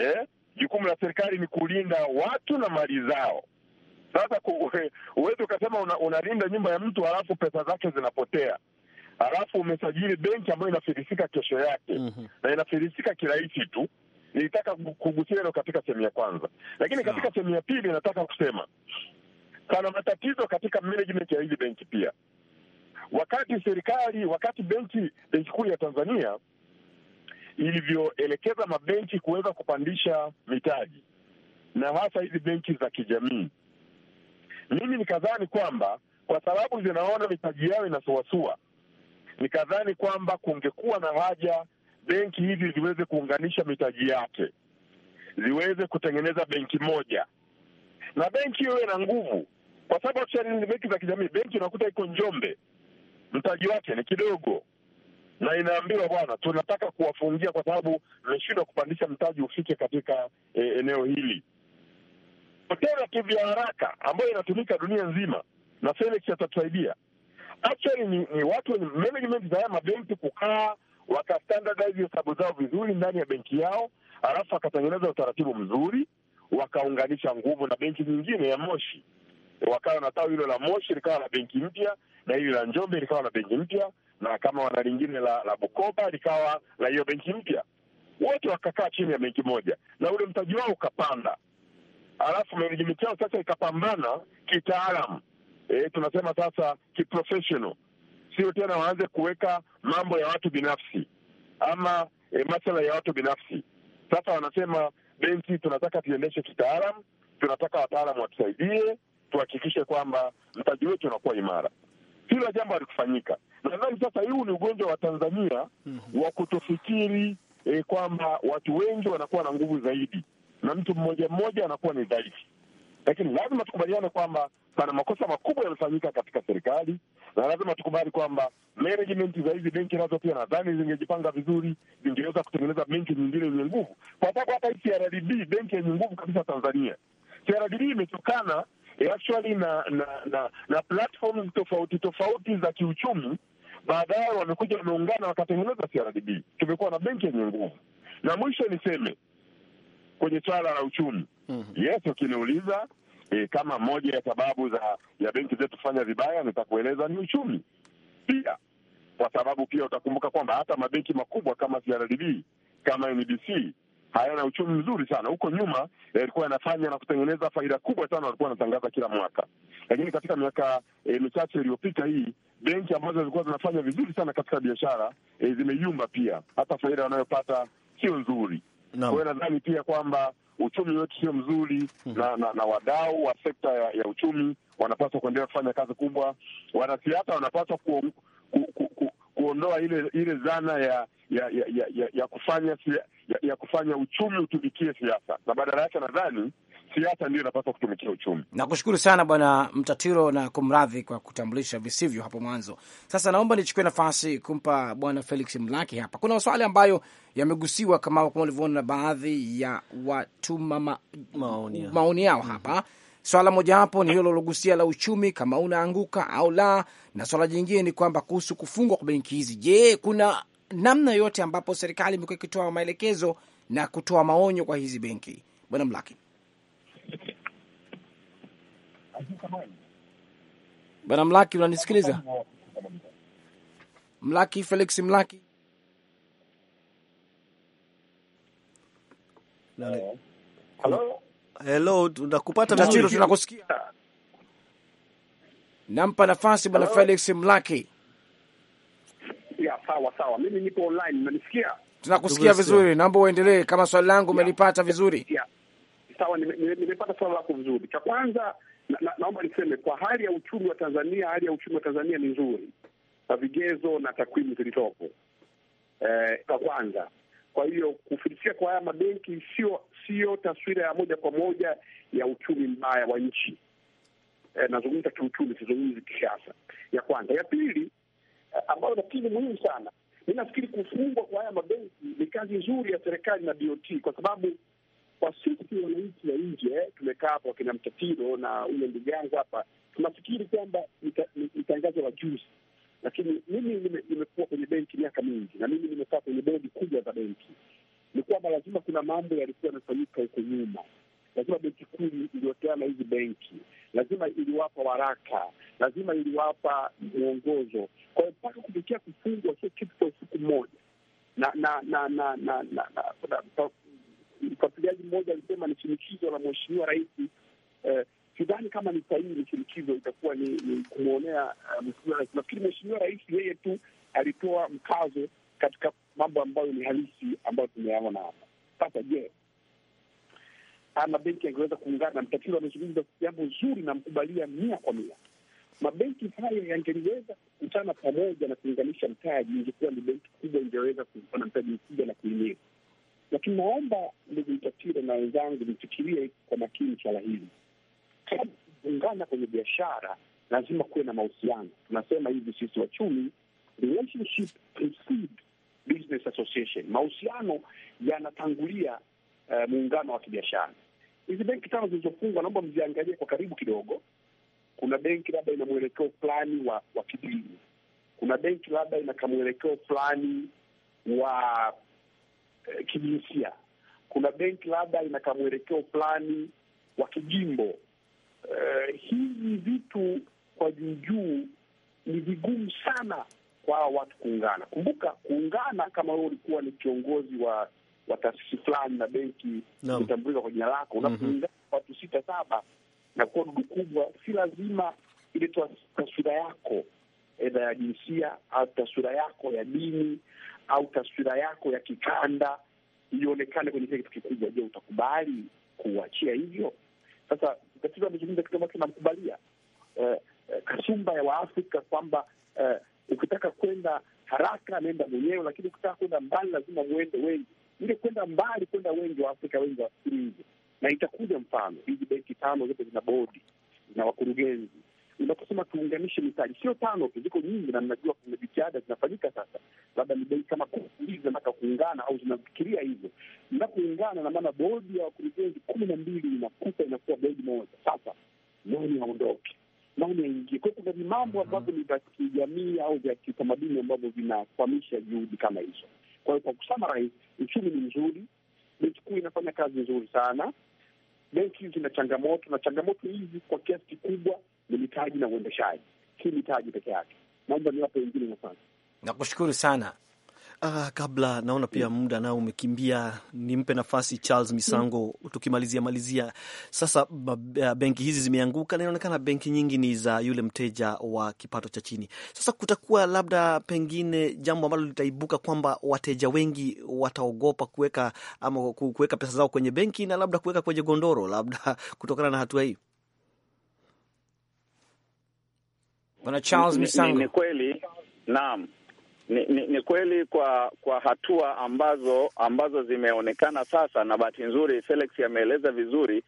e? Jukumu la serikali ni kulinda watu na mali zao. Sasa huwezi ukasema una, unalinda nyumba ya mtu halafu pesa zake zinapotea, halafu umesajili benki ambayo inafilisika kesho yake mm -hmm. na inafilisika kirahisi tu nilitaka kugusia hilo katika sehemu ya kwanza, lakini katika sehemu ya pili nataka kusema pana matatizo katika management ya hizi benki pia. Wakati serikali, wakati benki benki kuu ya Tanzania ilivyoelekeza mabenki kuweza kupandisha mitaji na hasa hizi benki za kijamii, mimi nikadhani kwamba kwa sababu zinaona mitaji yao inasuasua, nikadhani kwamba kungekuwa na haja benki hizi ziweze kuunganisha mitaji yake, ziweze kutengeneza benki moja, na benki hiyo iwe na nguvu, kwa sababu benki za kijamii, benki unakuta iko Njombe, mtaji wake ni kidogo na inaambiwa bwana, tunataka kuwafungia kwa sababu mmeshindwa kupandisha mtaji ufike katika e, eneo hili. tena ya haraka ambayo inatumika dunia nzima na Felix atatusaidia actually ni, ni watu wenye management za haya mabenki kukaa wakastandardize hesabu zao vizuri ndani ya benki yao, alafu wakatengeneza utaratibu mzuri, wakaunganisha nguvu na benki nyingine ya Moshi, wakawa na tawi hilo la Moshi likawa na benki mpya na hili la Njombe likawa na benki mpya, na kama wana lingine la, la Bukoba likawa la hiyo benki mpya. Wote wakakaa chini ya benki moja na ule mtaji wao ukapanda, alafu management yao sasa ikapambana kitaalamu, e, tunasema sasa kiprofessional sio tena waanze kuweka mambo ya watu binafsi ama e, eh, masala ya watu binafsi. Sasa wanasema benchi, tunataka tuendeshe kitaalam, tunataka wataalam watusaidie, tuhakikishe kwamba mtaji wetu unakuwa imara. Hilo jambo halikufanyika. Nadhani sasa huu ni ugonjwa wa Tanzania mm -hmm. wa kutofikiri e, kwamba watu wengi wanakuwa na nguvu zaidi na mtu mmoja mmoja anakuwa ni dhaifu lakini lazima tukubaliane kwamba pana makosa makubwa yamefanyika katika serikali, na lazima tukubali kwamba management za hizi benki nazo pia nadhani zingejipanga vizuri, zingeweza kutengeneza benki nyingine yenye nguvu, kwa sababu hata hii CRDB benki yenye nguvu kabisa Tanzania. CRDB imetokana actually na na na, na platform tofauti tofauti za kiuchumi, baadaye wamekuja wameungana wakatengeneza CRDB. Tumekuwa na benki yenye nguvu, na mwisho niseme kwenye swala la uchumi mm -hmm. Yes, ukiniuliza e, kama moja ya sababu za ya benki zetu kufanya vibaya nitakueleza ni uchumi pia, kwa sababu pia utakumbuka kwamba hata mabenki makubwa kama CRDB kama NBC hayana uchumi mzuri sana. Huko nyuma eh, yalikuwa yanafanya na kutengeneza faida kubwa sana, walikuwa wanatangaza kila mwaka, lakini katika miaka e, michache iliyopita hii benki ambazo zilikuwa zinafanya vizuri sana katika biashara e, zimeyumba pia, hata faida wanayopata sio nzuri. Kwa hiyo nadhani pia kwamba uchumi wetu sio mzuri hmm. na, na, na wadau wa sekta ya, ya uchumi wanapaswa kuendelea kufanya kazi kubwa. Wanasiasa wanapaswa ku, ku, ku, ku, kuondoa ile ile dhana ya ya ya, ya, ya kufanya ya, ya kufanya uchumi utumikie siasa, na badala yake nadhani siasa ndio inapaswa kutumikia uchumi. Nakushukuru sana Bwana Mtatiro na kumradhi kwa kutambulisha visivyo hapo mwanzo. Sasa naomba nichukue nafasi kumpa Bwana Felix Mlaki hapa. Kuna maswali ambayo yamegusiwa kama kama ulivyoona na baadhi ya watuma ma, maoni ya. maoni yao mm-hmm. hapa. mm -hmm. Swala mojawapo ni hilo lilogusia la uchumi, kama unaanguka au la, na swala jingine ni kwamba kuhusu kufungwa kwa benki hizi. Je, kuna namna yote ambapo serikali imekuwa ikitoa maelekezo na kutoa maonyo kwa hizi benki, Bwana Mlaki? Bwana Mlaki, unanisikiliza? Mlaki Felix Mlaki Hello? tunakupata vizuri, tunakusikia. Nampa nafasi bwana Felix Mlaki. sawa sawa. Mimi online, unanisikia? Tunakusikia vizuri, naomba uendelee kama swali langu umelipata vizuri. Sawa, nimepata swali lako vizuri. Cha kwanza na, na, naomba niseme kwa hali ya uchumi wa Tanzania, hali ya uchumi wa Tanzania ni nzuri na vigezo na takwimu zilizopo kwa eh, kwanza. Kwa hiyo kufikia kwa haya mabenki sio sio taswira ya moja kwa moja ya uchumi mbaya wa nchi. Eh, nazungumza kiuchumi, sizungumzi kisiasa. Ya kwanza. Ya pili eh, ambayo nafikiri muhimu sana, mi nafikiri kufungwa kwa haya mabenki ni kazi nzuri ya serikali na BOT kwa sababu kwa sisi wananchi wa nje tumekaa hapo, wakina Mtatiro na ule ndugu yangu hapa, tunafikiri kwamba ni tangazo la juzi, lakini mimi nimekuwa kwenye benki miaka mingi na mimi nimekaa kwenye bodi kubwa za benki. Ni kwamba lazima kuna mambo yalikuwa yamefanyika huko nyuma, lazima benki kuu iliyoteana hizi benki, lazima iliwapa waraka, lazima iliwapa mwongozo. Kwa hiyo mpaka kufikia kufungwa sio kitu kwa usiku mmoja na na na na na mfuatiliaji mmoja alisema ni shinikizo la mheshimiwa rais. Eh, sidhani kama ni sahihi, ni shinikizo, itakuwa ni kumwonea eh, mheshimiwa rais. Nafikiri mheshimiwa rais yeye tu alitoa mkazo katika mambo ambayo ni halisi ambayo tumeyaona hapa sasa. Je, mabenki yangeweza kuungana? Mtatili amezungumza jambo zuri, namkubalia mia kwa mia. Mabenki haya yangeliweza kukutana pamoja na kuunganisha mtaji, ingekuwa ni benki kubwa, ingeweza kuwa na mtaji mkubwa na kuinia lakini naomba ndugu mtatire na wenzangu mfikirie kwa makini swala hili. kuungana kwenye biashara, lazima kuwe na mahusiano. Tunasema hivi sisi wachumi, relationship precedes business association, mahusiano yanatangulia uh, muungano wa kibiashara. Hizi benki tano zilizofungwa, naomba mziangalie kwa karibu kidogo. Kuna benki labda ina mwelekeo fulani wa wa kidini, kuna benki labda ina kamwelekeo fulani wa eh, kijinsia. Kuna benki labda inakaa mwelekeo fulani wa kijimbo. Eh, hivi vitu kwa juujuu ni vigumu sana kwa hawa watu kuungana. Kumbuka kuungana, kama wewe ulikuwa ni kiongozi wa wa taasisi fulani na benki kutambulika no. kwa jina lako, mhm. unapoungana mm -hmm. watu sita saba na kuwa dudu kubwa, si lazima ile taswira yako edha ya jinsia au taswira yako ya dini au taswira yako ya kikanda ionekane kwenye kile kitu kikubwa. Je, utakubali kuachia hivyo? Sasa tatizo amezungumza kitu ambacho namkubalia eh, eh, kasumba ya Waafrika kwamba eh, ukitaka kwenda haraka nenda mwenyewe, lakini ukitaka kwenda mbali lazima mwende wengi. Ile kwenda mbali, kwenda wengi, Waafrika wengi wafikiri hivyo, na itakuja mfano hizi benki tano zote zina bodi na wakurugenzi unaposema tuunganishe mitaji, sio tano tu, ziko nyingi, na mnajua kuna jitihada zinafanyika sasa, labda ni bei kama kumi mbili zinataka kuungana au zinafikiria hivyo. inapoungana na maana bodi ya wakurugenzi kumi na mbili inakuta inakuwa bodi moja. Sasa nani aondoke nani aingie? Kwa hiyo kuna mambo mm-hmm. ambavyo ni vya kijamii au vya kitamaduni ambavyo vinakwamisha juhudi kama hizo. Kwa hiyo kwa kusummarize, uchumi ni mzuri, benki kuu inafanya kazi nzuri sana, benki hizi zina changamoto na changamoto hizi kwa kiasi kikubwa ni mitaji na uendeshaji, si mitaji peke yake. Naomba niwape wengine nafasi. Nakushukuru sana. Ah, kabla naona pia mm. muda nao umekimbia, nimpe nafasi Charles Misango mm. tukimalizia malizia. Sasa eh, benki hizi zimeanguka na inaonekana benki nyingi ni za yule mteja wa kipato cha chini. Sasa kutakuwa labda pengine jambo ambalo litaibuka kwamba wateja wengi wataogopa kuweka ama kuweka pesa zao kwenye benki na labda kuweka kwenye gondoro, labda kutokana na hatua hii Bwana Charles Misango. Ni kweli, naam. Ni, ni, ni kweli kwa kwa hatua ambazo ambazo zimeonekana sasa, na bahati nzuri Felix ameeleza vizuri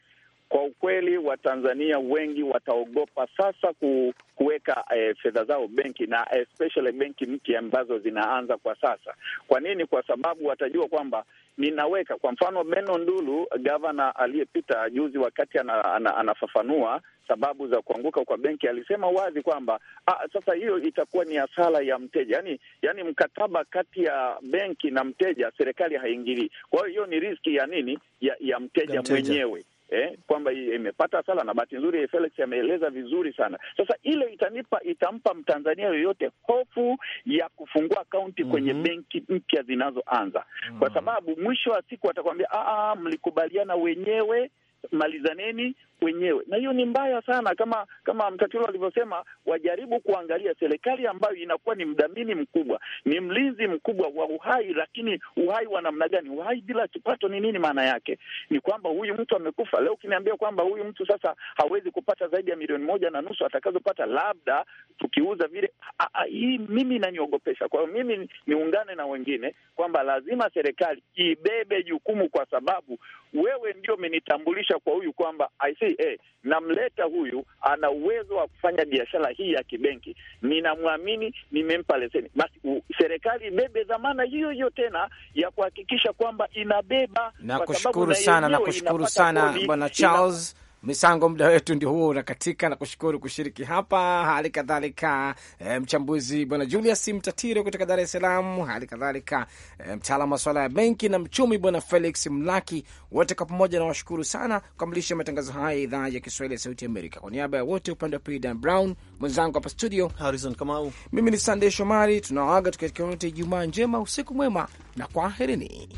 kwa ukweli, Watanzania wengi wataogopa sasa ku, kuweka eh, fedha zao benki na especially benki mpya ambazo zinaanza kwa sasa. Kwa nini? Kwa sababu watajua kwamba ninaweka kwa mfano, Meno Ndulu, gavana aliyepita juzi, wakati ana, ana, anafafanua sababu za kuanguka kwa benki alisema wazi kwamba ah, sasa hiyo itakuwa ni hasara ya mteja, yani, yani mkataba kati ya benki na mteja serikali haingilii. Kwa hiyo hiyo ni riski ya nini ya, ya mteja, mteja mwenyewe eh, kwamba imepata sala na bahati nzuri Felix ameeleza vizuri sana. Sasa ile itanipa itampa Mtanzania yoyote hofu ya kufungua akaunti mm -hmm. kwenye benki mpya zinazoanza mm -hmm. kwa sababu mwisho wa siku atakwambia ah, ah, mlikubaliana wenyewe malizaneni wenyewe, na hiyo ni mbaya sana. Kama kama mtatiwa alivyosema, wajaribu kuangalia serikali ambayo inakuwa ni mdhamini mkubwa, ni mlinzi mkubwa wa uhai, lakini uhai wa namna gani? Uhai bila kipato ni nini? Maana yake ni kwamba huyu mtu amekufa leo. Ukiniambia kwamba huyu mtu sasa hawezi kupata zaidi ya milioni moja na nusu atakazopata labda tukiuza vile, hii mimi inaniogopesha. Kwa hiyo mimi niungane na wengine kwamba lazima serikali ibebe jukumu, kwa sababu wewe ndio umenitambulisha kwa huyu kwamba eh, namleta huyu, ana uwezo wa kufanya biashara hii ya kibenki, ninamwamini, nimempa leseni, basi serikali ibebe dhamana hiyo hiyo tena ya kuhakikisha kwamba inabeba. Nakushukuru sana, nakushukuru sana bwana Charles ina... Misango, muda wetu ndio huo unakatika, na kushukuru kushiriki hapa, hali kadhalika e, mchambuzi bwana Julius Mtatiro kutoka Dar es Salaam, hali kadhalika e, mtaalamu wa swala ya benki na mchumi bwana Felix Mlaki, wote kwa pamoja na washukuru sana kukamilisha matangazo haya ya idhaa ya Kiswahili ya Sauti Amerika. Kwa niaba ya wote upande wa pili, Dan Brown mwenzangu hapa studio Harrison Kamau, mimi ni Sandey Shomari, tunawaaga tukiatikanote Ijumaa njema, usiku mwema na kwaherini.